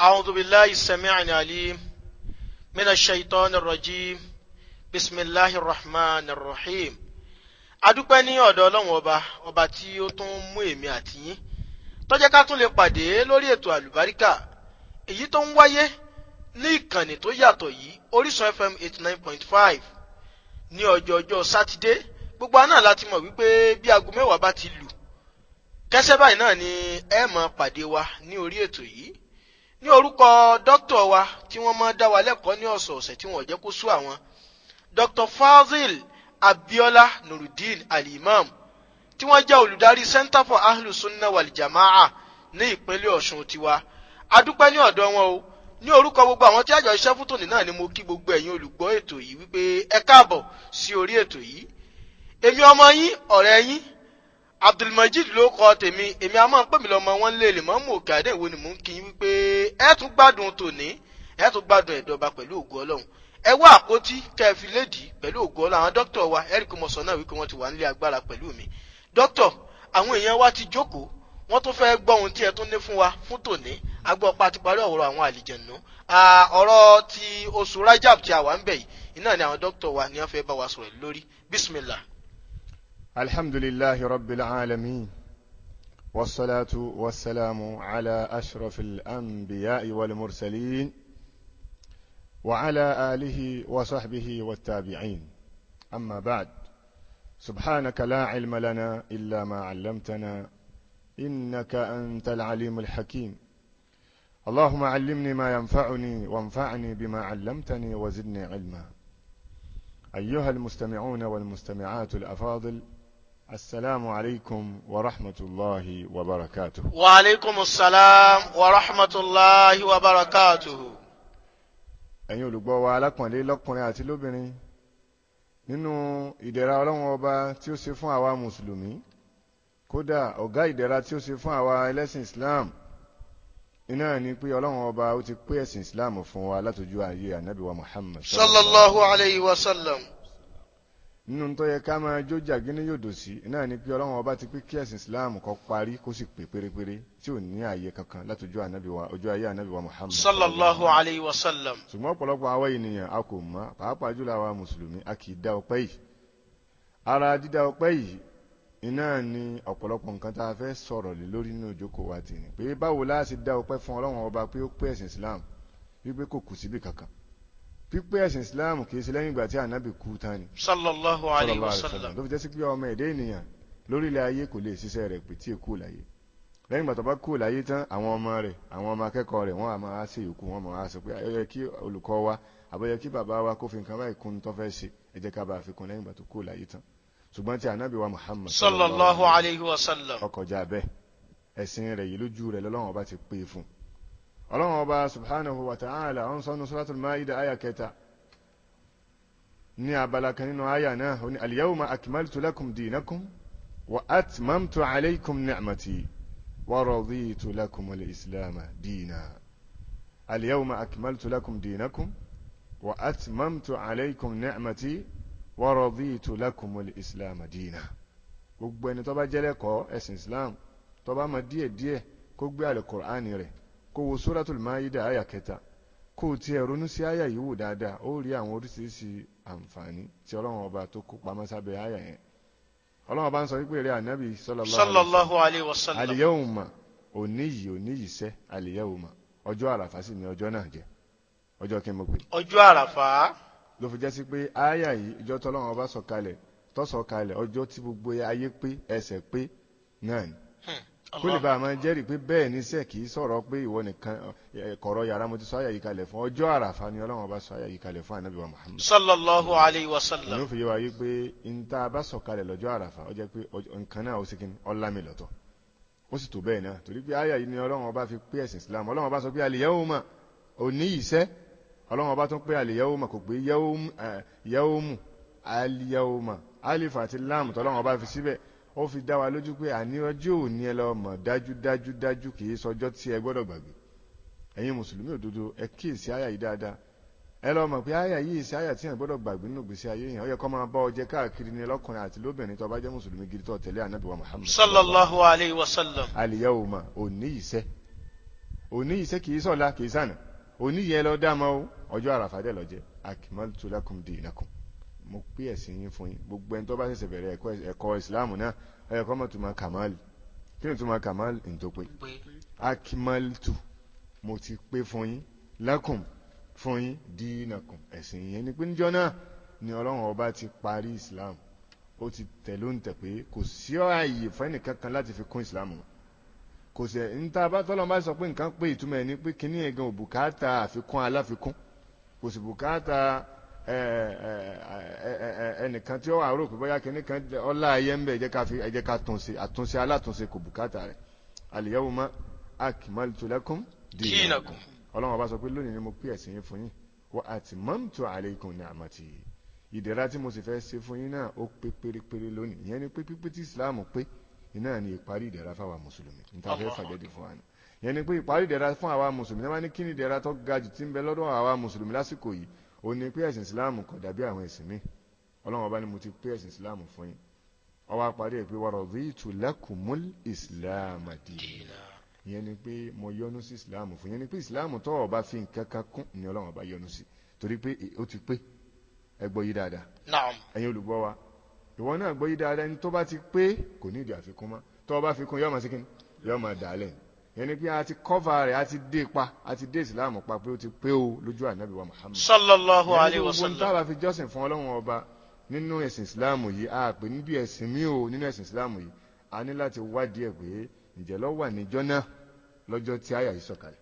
أعوذ بالله السميع العليم من الشيطان الرجيم بسم الله الرحمن الرحيم adúpẹ́ ní ọ̀dọ̀ ọlọ́run ọba ọba tí ó tún mú èmi àti yín tó jẹ́ ká tún lè pàdé lórí ètò àlùbáríkà èyí tó ń wáyé ní ìkànnì tó yàtọ̀ yìí Orísun FM eighty nine point five ní ọjọ́ ọjọ́ sátidé gbogbo àná láti mọ̀ wípé bí aago mẹ́wàá bá ti lù kẹ́sẹ́ báyìí náà ni ẹ pàdé wa ní orí ètò yìí ní orúkọ dókítà wa tí wọ́n máa dá wa lẹ́kọ̀ọ́ ní ọ̀sọ̀ọ̀sẹ̀ tí wọ́n jẹ́ kó sú àwọn dr fazil abiola nurudeen alimam tí wọ́n jẹ́ olùdarí center for ahlu sunna wal jamaa ní ìpínlẹ̀ ọ̀ṣun tiwa adúpẹ́ ní ọ̀dọ̀ wọn o ní orúkọ gbogbo àwọn tí àjọ iṣẹ́ fún tòní náà ni mo kí gbogbo ẹ̀yin olùgbọ́ ètò yìí wípé ẹ káàbọ̀ sí orí ètò yìí èmi ọmọ yín ọ̀rẹ́ yín abdulmajid ló kọ tèmi èmi àmọ́ pè mí lọ́mọ wọn lè lè mọ́ mú òkè àdé ìwo ni mò ń kí wípé ẹ tún gbádùn tòní ẹ tún gbádùn ẹ̀dọ́ba pẹ̀lú ògo Ọlọ́run ẹ wá àpótí kẹ́ ẹ fi lédi pẹ̀lú ògo Ọlọ́run àwọn dókítà wa eric mọ̀sán náà wípé wọ́n ti wà nílé agbára pẹ̀lú mi dókítà àwọn èèyàn wa ti jókòó wọ́n tún fẹ́ gbọ́ ohun tí ẹ tún ní fún wa fún tòní agbọ́ pa ti parí ọ̀rọ̀ àwọn àlìjẹ̀nù ọ̀rọ̀ ti oṣù rajab tí a wà ń bẹ̀ yìí iná ni àwọn dókítà wa ni wọ́n fẹ́ bá wa sọ̀rọ̀ lórí bismillah. الحمد لله رب العالمين والصلاة والسلام على أشرف الأنبياء والمرسلين وعلى آله وصحبه والتابعين أما بعد سبحانك لا علم لنا إلا ما علمتنا إنك أنت العليم الحكيم اللهم علمني ما ينفعني وانفعني بما علمتني وزدني علما أيها المستمعون والمستمعات الأفاضل السلام عليكم ورحمة الله وبركاته وعليكم السلام ورحمة الله وبركاته ẹ̀yin olùgbọ́ wa alákànlé lọ́kùnrin àti lóbìnrin nínú ìdẹ̀ra ọlọ́run ọba tí ó ṣe fún àwa mùsùlùmí kódà ọ̀gá ìdẹ̀ra tí ó ṣe fún àwa ẹlẹ́sìn islam iná ni pé ọlọ́run ọba ó ti pé ẹ̀sìn islam fún wa látọjú ayé ànábì wa muhammad sallallahu wa sallam nínú tó yẹ ká máa jó jàgínní yòdò sí náà ni pé ọlọ́run ọba ti pé kí ẹ̀sìn islam kó parí kó sì pé pérépéré tí ò ní ààyè kankan láti ojú ànábì ayé ànábì wa muhammad. sallallahu alayhi wa sallam. ṣùgbọ́n ọ̀pọ̀lọpọ̀ àwa ènìyàn a kò mọ̀ pàápàá jùlọ àwa mùsùlùmí a kì í dá ọpẹ́ yìí. ara dídá ọpẹ́ yìí iná ni ọ̀pọ̀lọpọ̀ nǹkan tá a fẹ́ sọ̀rọ̀ lé lórí nínú ìjókòó wa islam wípé kò kù pípẹ́ ẹ̀sìn islam kìí ṣe lẹ́yìn ìgbà tí ànábì kú tán sallallahu alayhi wa sallam ló fi jẹ́ sí pé ọmọ ẹ̀dẹ́ ènìyàn lórí ilẹ̀ ayé kò lè ṣiṣẹ́ rẹ̀ pé tí èkó láyé lẹ́yìn ìgbà tó bá kú láyé tán àwọn ọmọ rẹ̀ àwọn ọmọ akẹ́kọ̀ọ́ rẹ̀ wọ́n á máa ṣe ìyókù wọ́n máa sọ pé ayọ́yẹ kí olùkọ́ wa àbọ̀yẹ kí bàbá wa kó fi nǹkan báyìí kún tó fẹ́ ṣe ẹ jẹ́ ká bá fi lẹ́yìn ìgbà tó kú láyé tán ṣùgbọ́n tí ànábì wa muhammad sallallahu alayhi wa sallam ọkọ̀ jà bẹ́ẹ̀ ẹ̀sìn rẹ̀ yìí lójú rẹ̀ lọ́lọ́run ọba ti pè fún un ọlọ́run ọba subhanahu wa ta'ala ọ̀n sọ́nu suratul maida àyà kẹta ní abala kan nínú àyà náà ó ní al-yawma akmaltu lakum dinakum wa atmamtu alaykum ni'mati wa raditu lakum al-islama dina al-yawma akmaltu lakum dinakum wa atmamtu alaykum ni'mati wa raditu lakum al-islama dina gbogbo ẹni tó bá jẹ́lẹ̀kọ́ ẹ̀sìn islam tó bá mọ̀ díẹ̀díẹ̀ kó gbé àlùkùránì rẹ̀ kó wo suratul maida aya kẹta kó o tiẹ̀ ronú sí àyà yìí wò dáadáa ó rí àwọn oríṣiríṣi àǹfààní tí ọlọ́run ọba tó kó pamọ́ sábẹ́ àyà yẹn ọba ń sọ wípé anabi ànábì sallallahu alaihi wasallam al-yawma sẹ́ ọjọ́ àràfà sì ni ọjọ́ náà n fi jẹ́ sí pé aya yìí ìjọ tọ́lọ́run ọba ọjọ́ tí gbogbo ayé pé ẹsẹ̀ pé náà hmm. kó lè bá a máa jẹ́rìí pé bẹ́ẹ̀ ní sẹ́ kì í sọ̀rọ̀ pé ìwọ nìkan kọ̀rọ̀ yàrá mo ti sọ àyà yìí kalẹ̀ fún ọjọ́ àràfà ni ọlọ́run bá sọ àyà yìí kalẹ̀ fún ànábì wa muhammad. sallallahu alayhi wa sallam. inú fi yé wa yí pé n ta bá sọ kalẹ̀ lọ́jọ́ àràfà ó jẹ́ pé nǹkan náà ó sì kí ọlá mi lọ́tọ̀ ó sì tó bẹ́ẹ̀ náà torí pé àyà yìí ni ọlọ́run bá fi pé ẹ̀sìn islam ọlọ́run bá sọ pé al-yawma òní ìṣẹ́ ọlọ́run bá tún pé al-yawma kò pé yawmu al-yawma alif àti lam tọ́lọ́run bá fi síbẹ̀ ó fi dá wa lójú pé àní ọjọ́ òní ẹ lọ mọ̀ dájúdájú dájú kì í sọjọ́ tí ẹ gbọ́dọ̀ gbàgbé ẹ̀yin mùsùlùmí òdodo ẹ kíyèsí àyà yìí dáadáa ẹ lọ mọ̀ pé àyà yìí sí àyà tí ẹ gbọ́dọ̀ gbàgbé nínú gbèsè ayé yẹn ó yẹ máa bá ọ káàkiri ní lọ́kùnrin àti lóbìnrin tó bá jẹ́ mùsùlùmí gidi tó tẹ̀lé ànábì wa Muhammad sallallahu alayhi wa sallam mo pé ẹ̀sìn yín fún yín gbogbo ẹni tó bá ṣẹ̀ṣẹ̀ bẹ̀rẹ̀ ẹ̀kọ́ ìsìláàmù náà ẹ̀kọ́ mọ̀ tó máa kàmáàlì kí ni tó máa kàmáàlì ní tó pé akimaltu mo ti pé fún yín lakum fún yín dinakum ẹ̀sìn yẹn ni pé níjọ́ náà ni ọlọ́run ọba ti parí ìsìláàmù ó ti tẹ̀ ló ń tẹ̀ pé kò sí ààyè fẹ́ni kankan láti fi kún ìsìláàmù kò sí ní bá tọ́lọ́ bá sọ pé nǹkan pé ìtumọ̀ ẹ̀ ni pé kíní ẹ̀gan òbùkátà àfikún aláfikún kò sì bùkátà ẹnìkan tí ó wà rò pé bóyá kìíní kan ọlá ayé ń bẹ ẹjẹ ká fi ẹjẹ ká túnṣe àtúnṣe alátúnṣe kò bùkátà rẹ al-yawma akmaltu lakum dinakum ọlọ́run ọba sọ pé lónìí ni mo pè ẹ̀sìn yín fún yín wa atmamtu alaykum ni'mati ìdẹ̀ra tí mo sì fẹ́ ṣe fún yín náà ó pé pérépéré lónìí ìyẹn ni pé pípé tí islam pé iná ni ìparí ìdẹ̀ra fáwa mùsùlùmí níta fẹ́ fàjẹ́dì fún wa ni ìyẹn ni pé ìparí ìdẹ̀ra fún àwa mùsùlùmí tí wọ́n ní kí ni ìdẹ̀ra tó ga jù tí ń bẹ lọ́dọ̀ àwa mùsùlùmí lásìkò yìí ó ní pé ẹ̀sìn islam kò dàbí àwọn ẹ̀sìn mi ọlọ́run ọba ni mo ti pé ẹ̀sìn islam fún yín ó wá parí ẹ̀ pé wa raditu lakumul islam dina ìyẹn ni pé mo yọ́nú sí islam fún yẹn ni pé islam tó o fi nǹkan kún ni ọlọ́run ọba yọ́nú sí torí pé ó ti pé ẹ gbọ́ yí dáadáa ẹ̀yin olùgbọ́ wa ìwọ náà gbọ́ yí dáadáa ẹni tó bá ti pé kò ní ìdí àfikún mọ́ tó o fi kún yọ́ọ́ máa ṣe kí ni yọ́ọ́ máa dà á lẹ́yìn yẹn pé a ti kọ́fà rẹ̀ a ti dé pa a ti dé ìsìláàmù pa pé ó ti pé o lójú ànábì wa Muhammad. sallallahu alayhi wa sallam. yẹn ni gbogbo ntaara fi jọ́sìn fún ọlọ́run ọba nínú ẹ̀sìn ìsìláàmù yìí a pè níbi ẹ̀sìn mi o nínú ẹ̀sìn ìsìláàmù yìí a ní láti wádìí ẹ̀ pé ǹjẹ́ ló wà níjọ́ náà lọ́jọ́ tí àyà yìí sọ̀kalẹ̀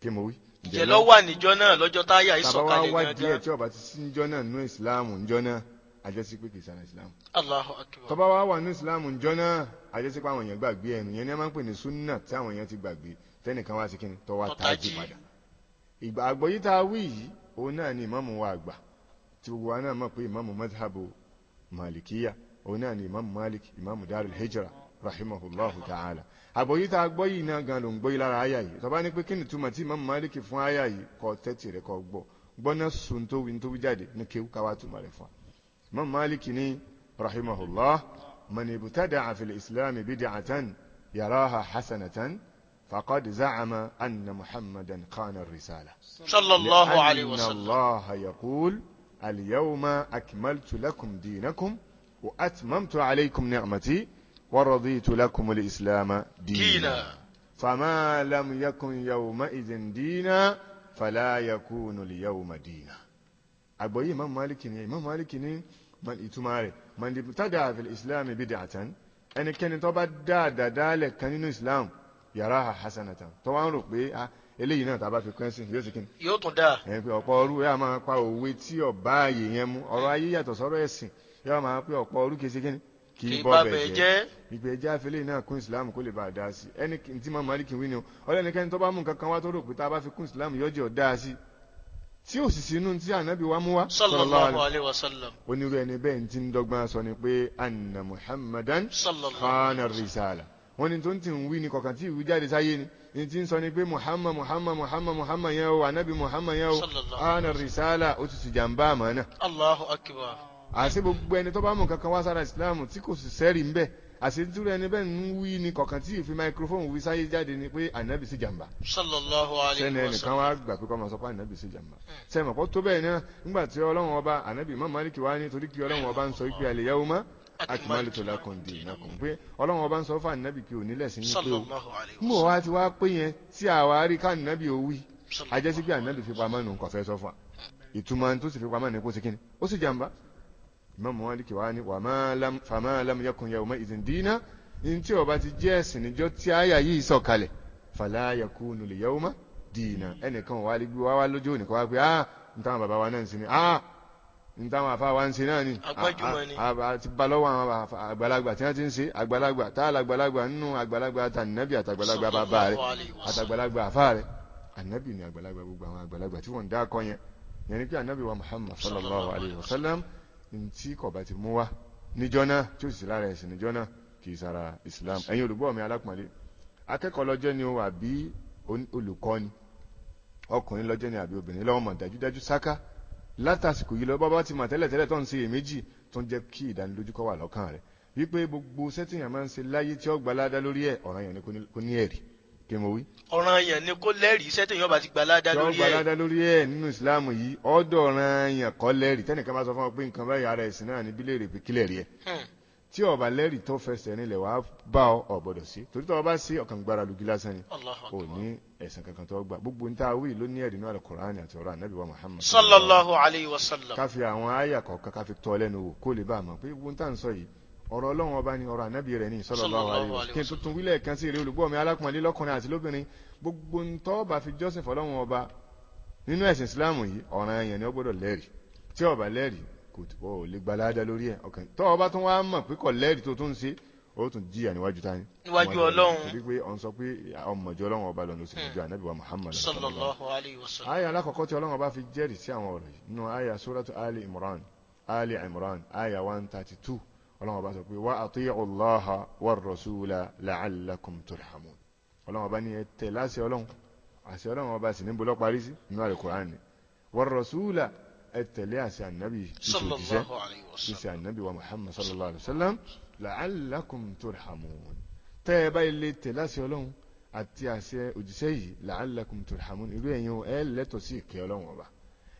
kí mo wí. ǹjẹ́ ló wà níjọ́ náà lọ́jọ́ tí àyà yìí sọ̀kalẹ̀ àjẹsí pé kìí sára islam. Allahu akbar. tọ́ba wa wà ní islam ǹjọ́ náà àjẹsí pé àwọn èèyàn gbàgbé ẹnu yẹn ni a máa ń pè ní sunna tí àwọn èèyàn ti gbàgbé tẹ́nìkan wá sí kí ni tọ́wá tají padà. ìgbà àgbọ̀ yìí tá a wí yìí òun náà ni ìmáàmù wa àgbà tí gbogbo wa náà mọ̀ pé ìmáàmù madhabu malikiya òun náà ni ìmáàmù malik ìmáàmù darul hijra rahimahullahu ta'ala. àgbọ̀ yìí tá a gbọ́ yìí náà gan ló ń gbọ́ yìí lára àyà yìí tọ́ba ní pé kí ni túmọ̀ tí ìmáàmù malik fún àyà yìí kọ́ tẹ́tì rẹ̀ kọ́ gbọ́ gbọ́ná sun tó wí tó wí jáde ní kéwú káwá túmọ̀ rẹ̀ fún wa. مالك ني رحمه الله من ابتدع في الإسلام بدعة يراها حسنة فقد زعم أن محمدا خان الرسالة صلى الله عليه وسلم الله يقول اليوم أكملت لكم دينكم وأتممت عليكم نعمتي ورضيت لكم الإسلام دينا فما لم يكن يومئذ دينا فلا يكون اليوم دينا àgbọ́yé imam malik ni imam malik ni ìtumá rẹ̀ mọ̀lẹ́bù tàdà àfẹ́ islam bid'atan ẹnikẹ́ni tó bá dáadáa dálẹ̀ kan nínú islam yaraha hasanatan tó wá ń rò pé ah, eléyìí náà tàbá fi kẹ́sìn yóò sì kí ni. yóò tún dáa. ẹ pé ọ̀pọ̀ ọrú ẹ máa pa òwe tí ọba ààyè yẹn mú ọ̀rọ̀ ayé yàtọ̀ sọ́rọ̀ ẹ̀sìn yóò máa pé ọ̀pọ̀ ọrú kìí sí kí ni. kì í bọ́ bẹ̀ jẹ́. ìgbẹ́ jẹ́ àfẹlẹ́ náà kún islam kó lè bá a dá sí ẹni tí màmá rí kí n wí ni o ọlọ́nikẹ́ni tó bá mú nǹkan kan wá tó rò pé tá a bá fi kún islam yọjọ́ dá sí tí ò sì sínú tí ànábì wa mú wa. sallallahu alayhi wa sallam. onírú ẹni bẹ́ẹ̀ ti ń dọ́gbọ́n sọ ni pé anna muhammadan khana risala. wọ́n ní tó ń tì ń wí ni kọ̀ọ̀kan tí ìwé jáde sáyé ni ní ti ń sọ ni pé muhammad muhammad muhammad muhammad yẹn o ànábì muhammad yẹn o khana risala ó ti sì jàǹbá àmọ́ náà. allahu akbar. àti gbogbo ẹni tó bá mú kankan wá sára ìsìlámù tí kò sì sẹ́rì ń bẹ́ẹ̀ àṣetúrú ẹni bẹ́ẹ̀ ń wí ni kọ̀ọ̀kan tí ìfi microphone wí sáyé jáde ni pé ànábì sí jàmbá. sallallahu alayhi wa sallam sẹ́ni ẹnìkan wá gbà pé kọ́ máa sọ pé ànábì sí jàmbá. sẹ́ni hmm. mọ̀kọ́ tó bẹ́ẹ̀ náà nígbà tí ọlọ́run ọba ànábì má máàlìkì wá ní torí kí ọlọ́run ọba ń sọ pé àlè yẹ́wò má àtìmọ́lì tó lákùn dì nákùn pé ọlọ́run ọba ń sọ fún ànábì pé òní ní pé o wa ti wá pé yẹn tí àwa rí ká ànábì ó wí ajẹ́sí pé ànábì fipamọ́ nù kọ̀fẹ́ sọ fún wa hmm. Imam Malik wá ní fama lam yakun yawma idhin dina ní tí ó bá ti jẹ́ ẹ̀sìn níjọ́ tí àyà yìí sọ̀kalẹ̀ fala yakunu li yawma dina ẹnìkan wà lè gbé wá wá lójú òní kó wá pé ah n táwọn bàbá wa náà ń sin ni ah n táwọn àfa wa ń sin náà ni àti balọ́wọ́ àwọn àgbàlagbà tí wọ́n ti ń ṣe àgbàlagbà tá àlàgbàlagbà nínú àgbàlagbà àtànàbì àtàgbàlagbà bàbá rẹ àtàgbàlagbà àfa rẹ ànàbì ni àgbàlagbà gbogbo àwọn àgbàlagbà tí wọ́n ń dá akọ yẹn yẹn ni pé ànàbì wa Muhammad sallallahu alayhi wa sallam ntí kọ̀bá ti mú wá níjọ́ náà tí ó sì lára ẹ̀sìn níjọ́ náà kì í sara Islam ẹ̀yin olùgbọ́ mi alápọ̀nlé akẹ́kọ̀ọ́ lọ́jọ́ ni o àbí olùkọ́ ni ọkùnrin lọ́jọ́ ni àbí obìnrin lọ́wọ́ mọ̀ dájúdájú sáká látàsìkò yìí lọ bá bá ti mọ̀ tẹ́lẹ̀tẹ́lẹ̀ tó ń ṣe èméjì tó ń jẹ́ kí ìdánilójúkọ́ wà lọ́kàn rẹ̀ wípé gbogbo sẹ́tìyàn máa ń ṣe láyé tí ó gbalada lórí ẹ̀ ọ̀ràn yẹn ni kò ní ẹ̀rí kí mo wí. ọ̀ràn yẹn ni kó lẹ́rìí iṣẹ́ tẹ̀yìn ọba ti gba aládá lórí ẹ̀. yọ̀ọ́ gba aládá lórí ẹ̀ nínú ìsìláàmù yìí ọ̀dọ̀ ọ̀ràn yẹn kọ́ lẹ́rìí tẹ́nìkan bá sọ fún ọ pé nǹkan báyìí ara ẹ̀sìn náà ní bílẹ̀ rè pé kílẹ̀ rí ẹ̀. Hmm. tí ọba lẹ́rìí tó fẹsẹ̀ nílẹ̀ wàá bá ọ ọ̀gbọ̀dọ̀ sí torí tó bá sí ọkàn gbára lugi lásán Muhammad. sallallahu alayhi wa sallam. ká fi àwọn àyà kọ̀ọ̀kan ká fi tọ́ lẹ́nu a mọ̀ pé gbogbo ọ̀rọ̀ ọlọ́run ọba ni ọ̀rọ̀ ànábì rẹ̀ ni sallallahu alaihi wasallam kí n tuntun wílẹ̀ kan sí eré olùgbọ́ mi alákùnrin lọ́kùnrin àti lóbìnrin gbogbo ń tọ́ bá fi jọ́sìn fọlọ́run ọba nínú ẹ̀sìn ìsìláàmù yìí ọ̀ràn ẹ̀yàn ni ó gbọ́dọ̀ lẹ́rìí tí ọba lẹ́rìí kò tó o lè gba aládá lórí ẹ̀ ọkàn tọ́ ọba tó wá mọ̀ pé kò lẹ́rìí tó tún ṣe ó tún jìyà níwájú tani. níwájú ọlọ́run torí pé hmm. ọ̀n ọlọ́wọ́n bá sọ pé wá ati'u Allaha war rasula la'allakum turhamun ọlọ́wọ́n bá ní ẹ tẹ̀lé àṣẹ ọlọ́run àṣẹ ọlọ́run ọba sì níbo ló parí sí nínú Al-Qur'ani war rasula ẹ tẹ̀lé àṣẹ ànábì ìṣòjíṣẹ́ ìṣẹ́ ànábì wa Muhammad sallallahu alayhi wa sallam la'allakum turhamun tẹ́ ẹ bá ilé tẹ̀lé àṣẹ ọlọ́run àti àṣẹ òjíṣẹ́ yìí la'allakum turhamun irú ẹ̀yin ẹ lẹ́tọ̀ọ́ sí ìkẹ́ ọlọ́run ọba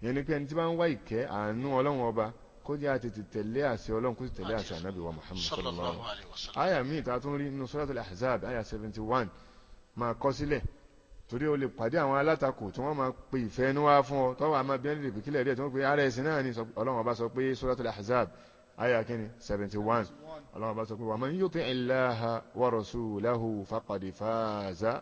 yẹn ni pé ẹni tí bá ń wá ìkẹ́ àánú ọlọ́run ọba kó jẹ́ àtètè tẹ̀lé àṣẹ ọlọ́run kó sì tẹ̀lé àṣẹ ànábì wa muhammad sallallahu alayhi wa sallam àyà míì tá a tún rí nínú suratul ahzab àyà seventy one máa kọ sílẹ̀ torí o lè pàdé àwọn alátakò tí wọ́n máa pe ìfẹ́ inú wa fún ọ tọ́wọ́ àmọ́ bí wọ́n lè pè kílẹ̀ rí ẹ̀ tí wọ́n pe ara ẹ̀sìn náà ni ọlọ́run ọba sọ pé suratul ahzab àyà kínní seventy one ọlọ́run ọba sọ pé wa man yuti illaha wa rasulahu faqad faza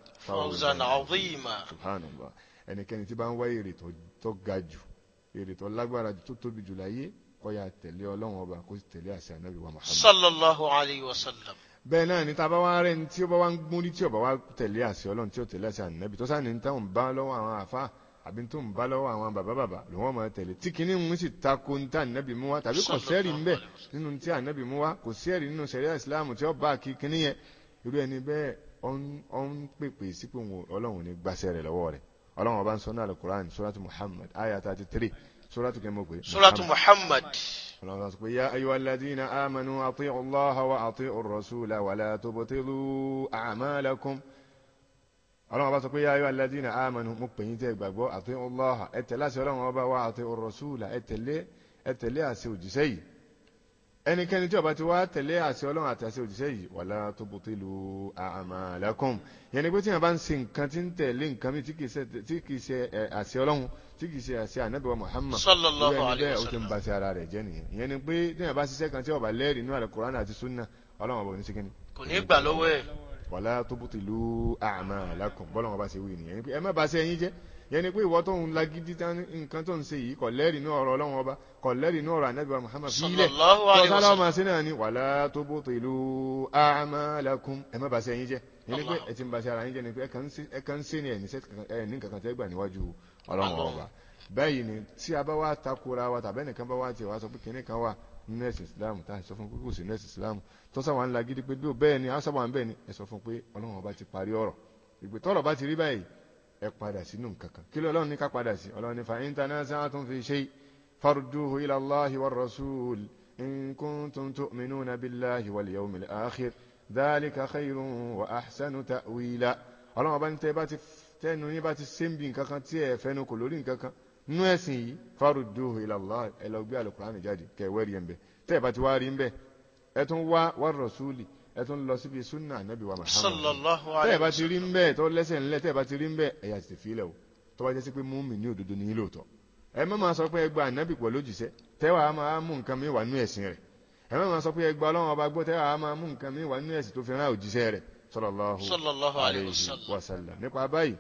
kó tẹ̀lé ọlọ́run ọba kó sì tẹ̀lé àṣẹ ànábì wa Muhammad. sallallahu alayhi wa sallam. bẹ́ẹ̀ náà ni tábà wá rẹ̀ ní tí ó bá wá ń gbórí tí ó bá wá tẹ̀lé àṣẹ ọlọ́run tí ó tẹ̀lé àṣẹ ànábì tó sáà ní ní táwọn bá lọ́wọ́ àwọn àfa àbí tó ń bá lọ́wọ́ àwọn bàbá bàbá ló wọ́n máa tẹ̀lé tí kìíní ń sì takò ń tà nẹ́bì mú wa tàbí kò sẹ́rì ń bẹ̀ nínú tí ànẹ́bì mú wa kò sẹ́rì nínú sẹ̀ríà ìsìláàmù tí ó bá kí kìíní yẹn irú ẹni bẹ́ẹ̀ ọ ń pèpè sípò ọlọ́run ní gbàṣẹ rẹ̀ lọ́wọ́ rẹ̀ ọlọ́run ọba ń sọ náà Al-Qur'an Suratu Muhammad ayah thirty three. سورة محمد يا أيها الذين آمنوا أطيعوا الله وأطيعوا الرسول ولا تبطلوا أعمالكم ọlọ́run ọba sọ pé yáyọ alẹ́dínà àmánu mo pè yín tẹ́ gbàgbọ́ àti ọlọ́ha ẹ̀tẹ̀ láti ọlọ́run ọba wa àti ọ̀rọ̀sùlà ẹ̀tẹ̀lé àṣẹ òjíṣẹ́ yìí ẹnikẹ́ni tí ó bá ti wá tẹ̀lé àṣẹ ọlọ́run àtàṣẹ òjíṣẹ́ yìí wàlá tubtilu a'malakum yẹn ni pé tí yẹn bá ń ṣe nǹkan tí ń tẹ̀lé nǹkan mi tí kì í ṣe àṣẹ ọlọ́run tí kì í ṣe àṣẹ ànábẹ́wà Muhammad sallallahu alaihi wasallam ó ti ń ba ṣe ara rẹ̀ jẹ́ nìyẹn yẹn ni pé tí yẹn bá ṣiṣẹ́ kan tí ó bá lẹ́rìí nínú Al-Qur'an àti sunna ọlọ́run ọ̀bọ̀ ní ṣe kíni. kò ní gbà lọ́wọ́ ẹ̀. wàlá tubtilu a'malakum bọ́lọ́run ọba ṣe wí nìyẹn ẹ má ba ṣe ẹyin yẹn ni pé ìwọ tó ń lagidi nǹkan tó ń ṣe yìí kọ̀lẹ́rì ní ọ̀rọ̀ ọlọ́run ọba kọ̀lẹ́rì ní ọ̀rọ̀ anábìwá muhammad sílẹ̀ tọ́sálọ́ máa ṣe náà ni wàlá tó bó tó ìlú amalakum ẹ má bàṣẹ yín jẹ yẹn ni pé ẹ ti ń bàṣẹ ara yín jẹ ni pé ẹ kàn ń ṣe ni ẹ ní kankan tẹ́ gbà níwájú ọlọ́run ọba báyìí ni tí a bá wá takora wa tàbí ẹnìkan bá wá tiẹ̀ wá sọ pé kìnìkan wà nínú ẹ̀sìn ìsìláàmù tá a sọ fún pé kò sí nínú ẹ̀sìn ìsìláàmù tó sáwà ńlá gidi pé bí ó bẹ́ẹ̀ ni a sábà ń bẹ́ẹ̀ ni ẹ sọ fún pé ọlọ́run ọba ti parí ọ̀rọ̀ ìgbé tọ́rọ̀ bá ti rí báyìí ẹ padà sínú nǹkan kan kí ló ọlọ́run ní ká padà sí ọlọ́run ní fa in tanaza'tum fi shay farduhu ila Allahi war rasul in kuntum tu'minuna billahi wal yawmil akhir dhalika khayrun wa ahsanu ta'wila ọlọ́run ọba ní tẹ́ bá ti tẹ́nu yín bá ti sẹ́ńbì nǹkan kan tí ẹ fẹ́nu kò lórí nǹkan nú ẹ̀sìn yìí farduhu ila ẹ lọ gbé àlùkùránì jáde kẹ wẹ́rì ẹ̀ ń bẹ tẹ́ ti wá rí ń bẹ ẹ tún wá war rasuli ẹ tún lọ síbi sunna anabi wa Muhammad tẹ́ ẹ bá ti rí ń bẹ́ẹ̀ tó lẹ́sẹ̀ ńlẹ̀ tẹ́ ẹ bá ti rí ń bẹ́ẹ̀ ẹ̀yà ti fi ilẹ̀ o tó bá jẹ́ sí pé múmi ní òdodo ní lóòótọ́ ẹ má máa sọ pé ẹ gba anabi pọ̀ lójúṣẹ́ tẹ́ wàá máa mú nǹkan mi wà nú ẹ̀sìn rẹ̀ ẹ má máa sọ pé ẹ gba ọlọ́run ọba gbọ́ tẹ́ wàá máa mú nǹkan mi wà nú ẹ̀sìn tó fi rán òjíṣẹ́ rẹ̀ sallallahu alaihi wasallam nípa báyìí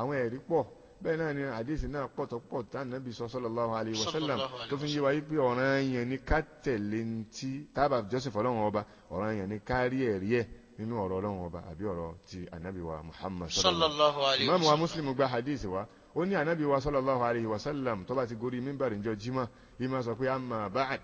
àwọn ẹ̀rí pọ̀ bẹ́ẹ̀ náà ni àdéhìsì náà pọ̀ tó pọ̀ tá nàbí sọ sallallahu alayhi wa sallam tó fi ń yé wa pé ọ̀ranyàn ni ká tẹ̀lé ntí tábà jọ́sìn fọlọ́run ọba ọ̀ranyàn ni ká rí ẹ̀rí ẹ̀ nínú ọ̀rọ̀ ọlọ́run ọba àbí ọ̀rọ̀ ti ànábì wa Muhammad sallallahu alayhi wa sallam ìmáàmù wa Muslim gba hadith wa ó ní ànábì wa sallallahu alayhi wa sallam tó bá ti gorí mímbàrí njọ jimá ìmá sọ pé amma ba'd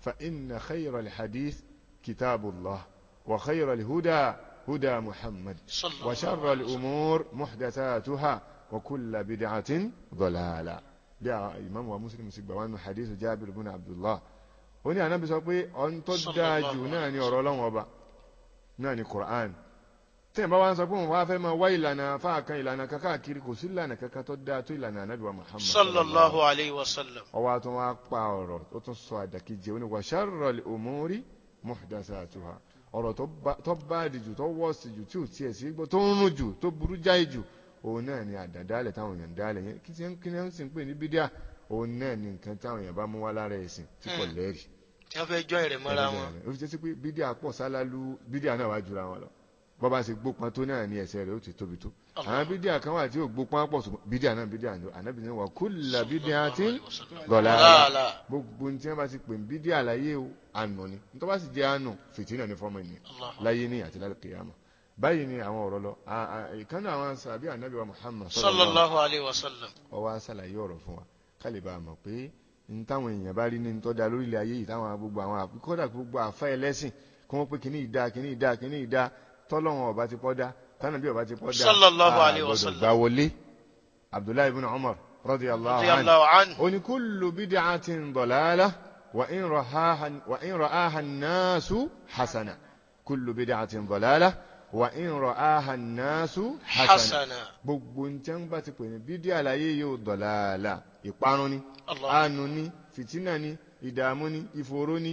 fa inna khayra al-hadith kitabullah wa khayra al-huda huda Muhammad wa sharra al-umur muhdathatuha وكل بدعة ضلالة دعا إمام ومسلم سيبوان حديث جابر بن عبد الله وني أنا بسوي أن تدعجو ناني أرولون وبا ناني قرآن tẹ́yìn bá wá ń sọ pé òun wá fẹ́ máa wá ìlànà fáàkan ìlànà kákàkiri kò sí ìlànà kankan tó dáa tó ìlànà ànábì wa muhammad. sallallahu alayhi wa sallam. ọwọ́ tó wá pa ọ̀rọ̀ ó tún sọ àdàkejì ó ní wa sharral umuri muhdasatuha ọ̀rọ̀ tó bá àdìjù tó wọ́ọ̀sì jù tí ò tiẹ̀ sí gbọ́ tó ń rún jù tó burú jáì jù òun náà ni àdàdálẹ̀ táwọn èèyàn dálẹ̀ yẹn kí tí wọ́n sì ń pè ní bídíà òun náà ni nǹkan táwọn èèyàn bá mú wá lára ẹ̀sìn tí kò hmm. lẹ́rìí. tí wọ́n fẹ́ jọ ìrẹ̀ mọ́ra wọn. ó fi jẹ́ sí pé bídíà pọ̀ sálálú bídíà náà wá jura wọn lọ bọ́ bá ṣe gbópan tó náà ni ẹ̀ṣẹ̀ rẹ̀ ó ti tóbi tó àwọn bídíà kan wà tí ó gbópan pọ̀ ṣùgbọ́n bídíà náà bídíà ni ànábì ní wà kúlà bídíà tí ń gọ̀là gbogbo ní tí wọ́n bá ti pè ní bídíà láyé àná ni nítorí wọ́n bá sì jẹ́ àná fìtínà ní fọ́mọ ènìyàn láyé ní àti lálùkìyàmọ̀ báyìí ni àwọn ọ̀rọ̀ lọ ìkan náà àwọn sàbí ànábì wa Muhammad sallallahu alayhi wa sallam ó wá ṣàlàyé ọ̀rọ̀ fún wa ká lè bá a mọ̀ pé n táwọn èèyàn bá rí ní n tọ́jà lórílẹ̀ ayé yìí táwọn gbogbo àwọn àkókòdà gbogbo àfa ẹlẹ́sìn kí wọ́n pé kíní ìdá kíní ìdá kíní ìdá tọ́lọ́wọ́n ọba ti pọ́ dá tánàbí ọba ti pọ́ dá sallallahu alayhi wa sallam gbà Abdullahi ibn Umar wà ń rọ ahànàásù hasana gbogbo ń tẹ́ ń bá ti pè ní bídí àlàyé yóò dọ̀làlà ìparun ni àánú ni fìtínà ni ìdààmú ni ìfòòró ni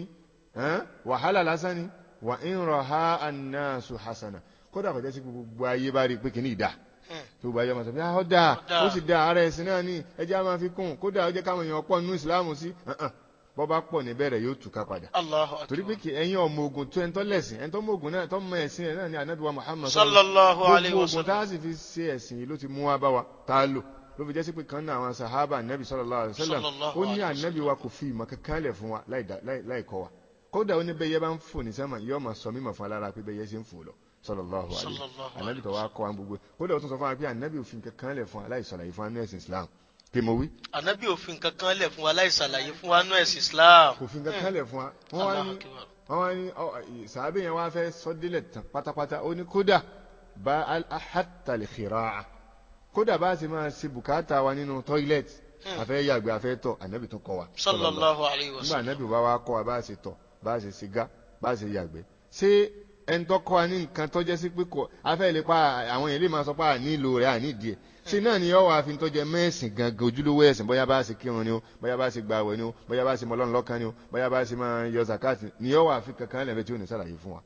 wàhálà lásán ni wà ń rọ ahànàásù hasana kódà kò jẹ́ sí gbogbo ayé bá rí i pé kì í ní ìdá hmm. tó gba ẹjọ́ máa sọ pé ó sì dáa ara ẹ̀sìn náà ní ẹjẹ́ á máa fi kún kódà ó jẹ́ káwọn èèyàn pọ̀ nínú ìsìláàmù sí bọ́ bá pọ̀ níbẹ̀rẹ̀ yóò túká padà. torí pé kí ẹ̀yin ọmọ ogun tó ẹni tó lẹ̀sìn ẹni tó mọ ogun náà tó mọ ẹ̀sìn ẹ̀ náà ni anabiwa muhammad sallallahu alayhi wa sallam gbogbo ogun tá a sì fi ṣe ẹ̀sìn yìí ló ti mú wa bá wa tá a lò ló fi jẹ́ sí pé kan náà àwọn sahaba anabi sallallahu alayhi wa sallam ó ní anabi wa kò fi ìmọ̀ kankan lẹ̀ fún wa láì kọ́ wa kódà ó ní bẹ́ẹ̀ yẹ bá ń fò ní sẹ́mà yóò máa sọ mímọ̀ fún alára pé bẹ́ẹ̀ yẹ ṣe ń fò lọ sallallahu alayhi wa sallam anabi tó wá kọ́ wa gbogbo kódà ó tún sọ fún wa pé anabi òfin kankan lẹ̀ fún aláìsọ̀rọ̀ yìí fún anú ẹ̀sìn islam kí mo wí. ànábì òfin kankan lẹ̀ fún wa láì ṣàlàyé fún wa nú ẹ̀sìn islam. òfin kankan lẹ̀ fún wa wọ́n wá ní wọ́n wá ní sàábì yẹn wá fẹ́ sọ́dílẹ̀ tán pátápátá ó ní kódà bá hàtàlì xìrà kódà bá a sì máa ṣe bùkátà wa nínú tọ́ílẹ̀tì hmm. afẹ́ yàgbẹ́ afẹ́ tọ̀ ànábì tún kọ́ wa. sallallahu alayhi wa sallam nígbà ànábì bá wa kọ́ wa bá a ṣe tọ̀ bá a ṣe siga bá a ṣe yàgbẹ́ ṣé ẹnitọ́kọ́ sọ ṣe náà ni ọwọ́ àfin tó jẹ mẹ́sìn gangan ojúlówó ẹ̀sìn bóyá bá ṣe kírun ni o bóyá bá ṣe gbàwẹ̀ ni o bóyá bá ṣe mọlọ́run lọ́kàn ni o bóyá bá ṣe máa yọ zakati ni ọwọ́ àfin kankan lẹ́mẹ̀ tí ò ní sàlàyé fún wa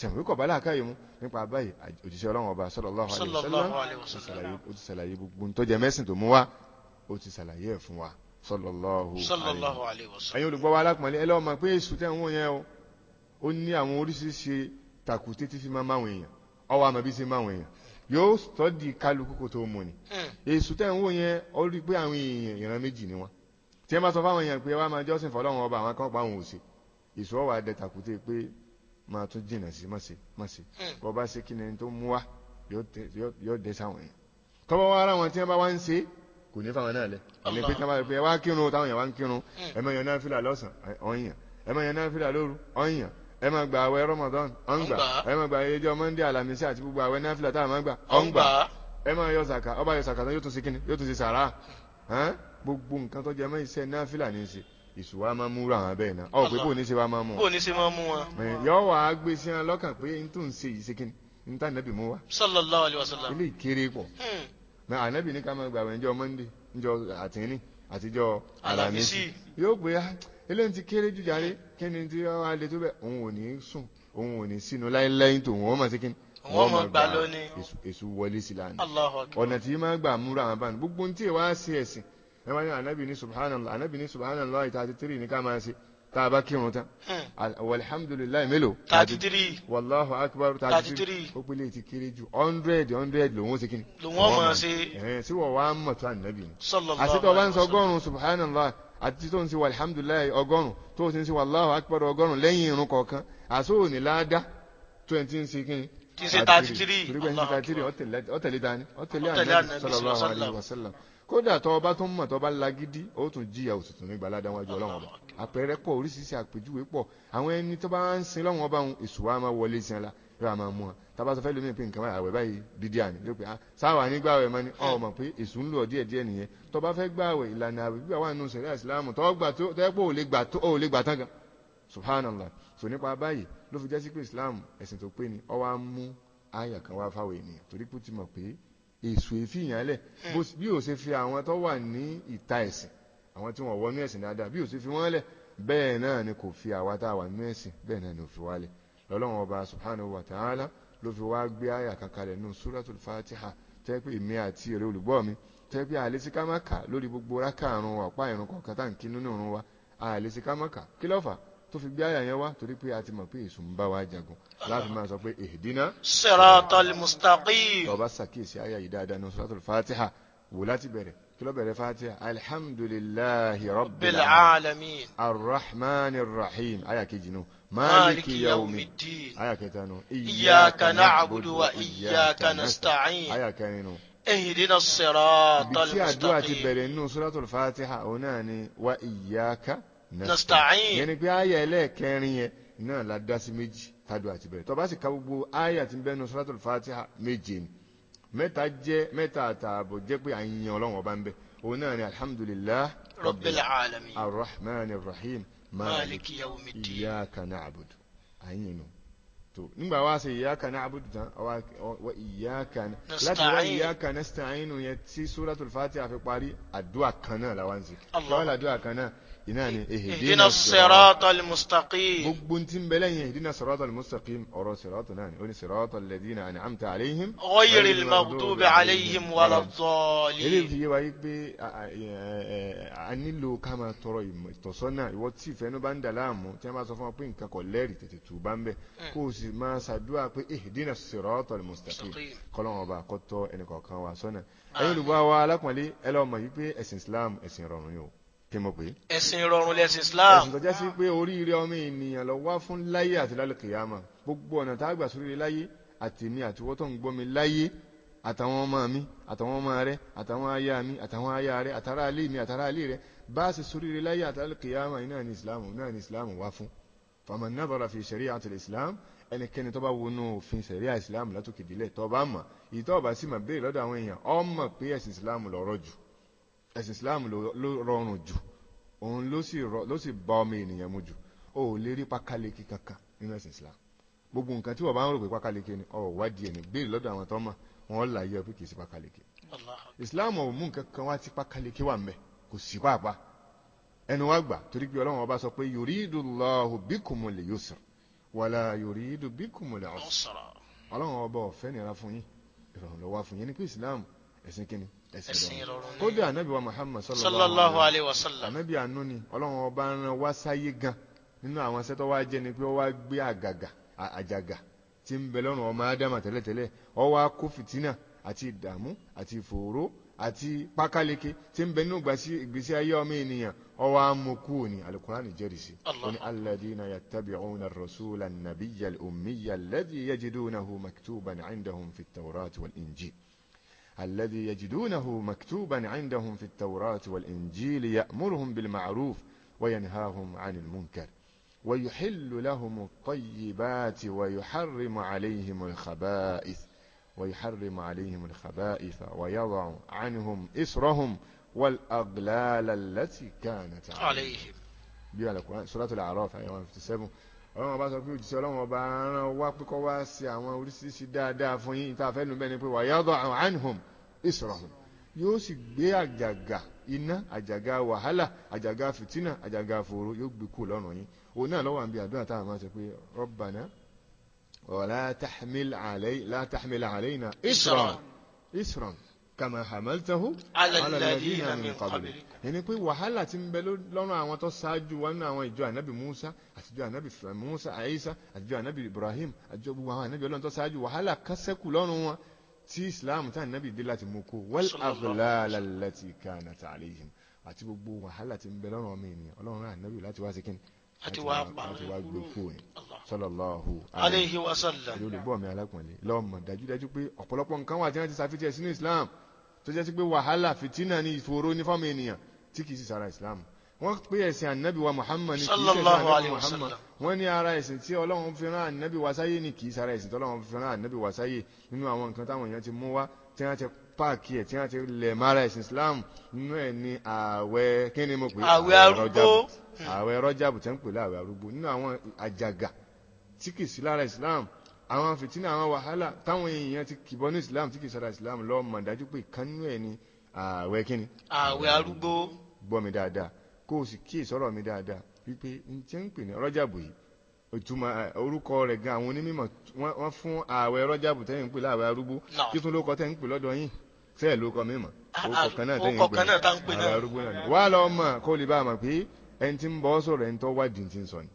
sẹ̀wé kọ̀ bálá káyé mu nípa báyìí òjíṣẹ́ ọlọ́run ọba sallallahu alaihi wasallam ó ti sàlàyé gbogbo tó jẹ mẹ́sìn tó mú wa ó ti sàlàyé ẹ̀ yóò sọ́dì kálukú kò tó mú ni hmm. èsù tẹ̀ ń wò yẹn ó rí pé àwọn èèyàn ìran méjì ni wọn tí wọ́n bá sọ fáwọn èèyàn pé wọ́n máa jọ́sìn fọlọ́run ọba àwọn kan pa àwọn òsè èsù ọ̀wà dẹ̀tàkùtẹ̀ pé máa tún jìnnà sí mọ̀sẹ̀ mọ̀sẹ̀ bọ́ bá ṣe kí ni tó mú wa yóò dẹ̀ sáwọn yẹn tọ́wọ́ wa ara wọn tí wọ́n bá wá ń ṣe kò ní fáwọn náà ẹ máa gba àwẹ rọmọdán ọ̀ngbà ẹ máa gba ẹjọ́ mọ́ndé alamisi àti gbogbo àwẹ náfìlà tá a máa gbà ọ̀ngbà ẹ máa yọ sàkà ọba yọ sàkà tán yóò tún sí kíni yóò tún sí sàrà gbogbo nǹkan tó jẹ mọ́ iṣẹ́ náfìlà ní í ṣe ìṣùwà máa mú ra àwọn abẹ́ náà ọ̀ pé bó ní ṣe wá máa mú bó ní ṣe máa mú wọn. yọ wà á gbé sí wọn lọ́kàn pé n tó ń ṣe yìí ṣe kíni n tá nàbì mú wa. sallallahu alayhi wa sallam. ilé ìkéré pọ̀ hmm. ànábì ní ká máa gbà wẹ̀ ǹjọ́ níjọ́ àtìní àtijọ́ àlàmísì yóò pé ah, eléyìí ti kéré jù járe kí ni tí wọ́n á lè tó bẹ́ẹ̀ òun ò ní sùn òun ò ní sínú láéláé tòun wọ́n mọ̀ sí kí ni wọ́n mọ̀ gbà lónìí èso wọlé sí lánàá ọ̀nà tí máa gbà múra àwọn báyìí gbogbo ní tí ì wá sí ẹ̀sìn ẹ wá ní ànábì ní subhanallah ànábì ní subhanallah ìta àti tírì ní ká máa ṣe tá a bá kírun tán hmm. alhamdulilayi mélòó thirty three wàláhu akbar thirty three ó pélé ti kéré ju hundred hundred lòun ó ṣe kíni. lòun ọmọ ṣe. ẹ sí wọ́n wá mọ̀ tó ànábì ni. sọlọ lọ́wọ́ àti tó bá ń sọ ọgọ́rùn-ún subhanallah àti tó ń sọ alhamdulilayi ọgọ́rùn-ún tó ń sọ wàláhu akbar ọgọ́rùn-ún lẹ́yìn irun kọ̀ọ̀kan àṣọ òní láàdá twenty ń ṣe kíni. ti ṣe thirty three ọlọ́run ọtẹ̀lẹ́ tani ọtẹ̀lẹ́ àná kódà tọ́ ọba tó ń mọ̀ tọ́ ọba lagidi ó tún jíyà òtútù nígbà ládàwájú ọlọ́run ọba àpẹẹrẹ pọ̀ oríṣiríṣi àpèjúwe pọ̀ àwọn ẹni tó bá ń sin lọ́wọ́n ọba òun èṣù wa máa wọlé sí ẹla yóò á máa mú wọn tábà sọ fẹ́ lómi pé nǹkan àwẹ̀ báyìí dídí àní ló pé ah, sáwà ní gbàwẹ̀ mọ́ ni ọmọ pé èṣù ń lù ọ́ díẹ̀ díẹ̀ nìyẹn tó bá fẹ́ gbàwẹ̀ ìlànà àwẹ̀ bíbá wà nínú sẹ̀rí àsìlámù tó gbà tó tẹ́pọ̀ subhanallah so nípa báyìí ló fi islam ẹ̀sìn tó ni ó wá mú àyà kan wá fáwọn ènìyàn èso èfìyàn lẹ̀ bí ó ṣe fi àwọn tó wà ní ìta ẹ̀sìn àwọn tí wọ́n wọnú ẹ̀sìn dáadáa bí ó ṣe fi wọ́n lẹ̀ bẹ́ẹ̀ náà ni kò fi àwa tá a wà nínú ẹ̀sìn bẹ́ẹ̀ náà ni ò fi wá lẹ̀ lọ́lọ́run ọba subhanahu wa ta'ala ló fi wá gbé àyà kankalẹ̀ nínú suratul fatiha tẹ́ pé èmi àti èrè olùgbọ́ mi tẹ́ pé àlẹ́ lórí gbogbo rákà àrùn wa ọ̀pá ìrùn kọ̀ọ̀kan tá à ń wa àlẹ́ kí ló tó fi gbé àyà yẹn wá torí pé a ti mọ̀ pé èṣù ń bá wa jagun láti máa sọ pé ihdina. siratal mustaqim. tó bá ṣàkíyèsí àyà yìí dáadáa ní suratul fatiha wò láti bẹ̀rẹ̀ kí ló bẹ̀rẹ̀ fatiha alhamdulillahi rabbil alamin arrahmanir rahim àyà kejì nù maliki yawmiddin àyà kẹta nù. iyyaka na'budu wa iyyaka nasta'in. àyà kẹrin nù. اهدنا الصراط المستقيم. بتي ادعوا تبرنوا سوره الفاتحه هنا واياك nasta'in yẹn ni pé àyà ẹlẹ́ẹ̀kẹrin yẹn náà la dá sí méjì tádù àti bẹ̀rẹ̀ tó bá sì ka gbogbo àyà tí ń bẹ́nu suratul fatiha méje ni mẹ́ta jẹ́ mẹ́ta àtààbọ̀ jẹ́ pé àyìnyàn ọlọ́run ọba ń bẹ òun náà ni alhamdulillah rabbil alamin arrahmanir rahim maliki yawmiddin iyyaka na'budu àyìnyàn náà tó nígbà wá sí iyyaka na'budu tán wa iyyaka láti wá iyyaka nasta'inu yẹn tí suratul Fatiha fi parí àdúrà kan náà làwọn ń sè káwọn àdúrà kan náà iná ni ihdina siratal mustaqim gbogbo tí ń bẹ̀lẹ̀ yẹn ihdina siratal mustaqim ọ̀rọ̀ sirata náà ni ó ní siratal ladina an'amta alayhim ghayril maghdubi alayhim waladdallin eléyìí fi yé wa yí pé a nílò ká máa tọrọ ìtọ́sọ́nà ìwọ tí ìfẹ́nu bá ń dà láàmú tí wọ́n bá sọ fún wa pé nǹkan kọ̀ tètè tù bá ń bẹ̀ mm. kó sì máa ṣàdúrà pé ihdina sirata al-mustaqim kọ́lọ́wọ́n ọba kọ́tọ́ ẹnìkọ̀ọ̀kan wa sọ́nà ẹ̀yin olùgbọ́ wa alákùnrin ẹ lọ́ọ́ mọ̀ wípé ẹ̀sìn Islam ẹ̀sìn rọrùn ni o kí mo pè é. ẹ̀sìn rọrùn lẹ́sìn Islam. ẹ̀sìn tó jẹ́ sí pé oríire ọmọ ènìyàn lọ wá fún láyé àti lálùkìyàmà gbogbo ọ̀nà tá a gbà sórí láyé àtèmi àtiwọ́ tó ń gbọ́ mi láyé àtàwọn ọmọ mi àtàwọn ọmọ rẹ àtàwọn aya mi àtàwọn aya rẹ àtàrà alé mi àtàrà alé rẹ bá a ṣe sóríire láyé àti lálùkìyàmà iná ní Islam iná ní Islam wá fún. faman nadhara fi shari'ati al-Islam ẹnikẹ́ni tó bá wọnú òfin sẹ̀ríà ìsìláàmù látòkè délẹ̀ tó bá mọ̀ èyí tó bá sì mọ̀ béèrè lọ́dọ̀ àwọn èèyàn ó mọ̀ pé ẹ̀sìn ìsìláàmù lọ́rọ̀ jù ẹ̀sìn ìsìláàmù ló rọrùn jù òun ló sì bá ọmọ ènìyàn mu jù ó lè rí pákáleke kankan nínú ẹ̀sìn ìsìláàmù gbogbo nǹkan tí wọ́n bá ń rò pé pákáleke ni ọ̀ wádìí ẹni béèrè lọ́dọ̀ àwọn tó mọ̀ wọ́n láyé ọ pé kì í sí pákáleke ìsìláàmù ò mú nǹkan kan wá tí pákáleke wà mẹ́ kò sí pàápàá ẹnu wa gbà torí pé ọlọ́run ọba sọ pé yuridullahu bikumul yusr wàlá yuridu bikumul usra ọlọ́run ọba ọ̀fẹ́ nira fún yín ìrọ̀rùn ló wà fún yín ní pé islam ẹ̀sìn kíni ẹ̀sìn ìrọ̀rùn kódà anabi wa muhammad sallallahu alayhi wa sallam anabi àánú ni ọlọ́run ọba ń wá sáyé gan nínú àwọn sẹ́tọ́ wá jẹ́ ni pé ó wá gbé àgàgà àjàgà tí ń bẹ lọ́rùn ọmọ ádámà tẹ́lẹ̀tẹ́lẹ̀ ó wá kó fìtínà àti ìdààmú àti ìfòòró àti pákáleke tí ń bẹ nínú ìgbésí ayé ọmọ ènìyàn على القرآن الجرسي الذين يتبعون الرسول النبي الأمي الذي يجدونه مكتوبا عندهم في التوراة والإنجيل الذي يجدونه مكتوبا عندهم في التوراة والإنجيل يأمرهم بالمعروف وينهاهم عن المنكر ويحل لهم الطيبات ويحرم عليهم الخبائث ويحرم عليهم الخبائث ويضع عنهم إسرهم والأغلال التي كانت عليهم bí alẹ́kùnrin suratul A'raf àyẹ̀wò 57 ọlọ́run ọba sọ pé òjíṣẹ́ ọlọ́run ọba rán wá pẹ́kọ́ wá sí àwọn oríṣiríṣi dáadáa fún yín ìta àfẹ́ lùmẹ́ni pé wàyádọ́ àwọn anhum israhum yóò sì gbé àjàgà iná àjàgà wàhálà àjàgà fìtínà àjàgà fòró yóò gbé kú lọ́rùn yín òun náà lọ́wọ́ àbí àdúrà táwọn máa sọ pé rabbana wala tahmil alayna kàmà hamaltahu alalẹ́dínà min qablikum ẹni pé wàhálà ti ń bẹ lọ́rùn àwọn tó ṣáájú wa nínú àwọn ìjọ ànábì musa àtijọ́ ànábì musa àyíṣà àtijọ́ ànábì ibrahim àtijọ́ gbogbo àwọn ànábì ọlọ́run tó ṣáájú wàhálà kásẹ́kù lọ́rùn wọn tí islam tá ànábì dé láti mú kó wal aghlala allati kanat alayhim àti gbogbo wàhálà ti ń bẹ lọ́rùn ọmọ ènìyàn ọlọ́run ànábì láti wá sí kíni àti wá gbé kúrò sallallahu alayhi wa sallam ìlú olùgbọ́ mi alákùnrin lọ́mọ dájúdájú pé ọ̀pọ̀lọpọ̀ nǹkan wà tí wọ́n ti ṣàfihàn sínú islam tó jẹ́ sí pé wàhálà fìtínà ní ìfòòró ní fọ́ọ̀mù ènìyàn tí kìí sì sára islam wọ́n pé ẹ̀sìn ànábì wa muhammad ní kìí sẹ́sìn ànábì muhammad wọ́n ní ara ẹ̀sìn tí ọlọ́run fi rán ànábì wa sáyé ní kìí sára ẹ̀sìn tí ọlọ́run fi rán ànábì wa sáyé nínú àwọn nǹkan táwọn èèyàn ti mú wá tí wọ́n ti páàkì ẹ̀ tí wọ́n ti lẹ̀ mára ẹ̀sìn islam nínú ẹ̀ ní ààwẹ̀ kí ni mo pè é ààwẹ̀ rọ́jàbù ààwẹ̀ rọ́jàbù tí wọ́n pè láàwẹ̀ arúgbó nínú àwọn àjàgà tí kì í sí lára islam àwọn fìtínà àwọn wàhálà táwọn èèyàn ti kìbọn ní islam tí kì í sára islam lọ mọ̀ dájú pé ìkànnú ẹ̀ ni ààwẹ̀ kíni. ààwẹ̀ arúgbó. gbọ́ mi dáadáa kó o sì kíyè sọ́rọ̀ mi dáadáa wípé n ti ń pè ní rọ́jàbù yìí ìtumọ̀ orúkọ rẹ̀ gan àwọn onímọ̀ wọ́n fún ààwẹ̀ rọ́jàbù tẹ́yìn ń pè láàwẹ̀ arúgbó kí tún ló kọ tẹ́yìn ń pè lọ́dọ̀ yín sẹ́ẹ̀ ló kọ mímọ̀ orúkọ kan náà tẹ́yìn ń pè ní arúgbó náà wà lọ́ọ́ mọ̀ kó lè bá a mọ̀ pé ẹni tí ń bọ́ sọ̀rọ̀ ẹni tó wá dìntín sọ ni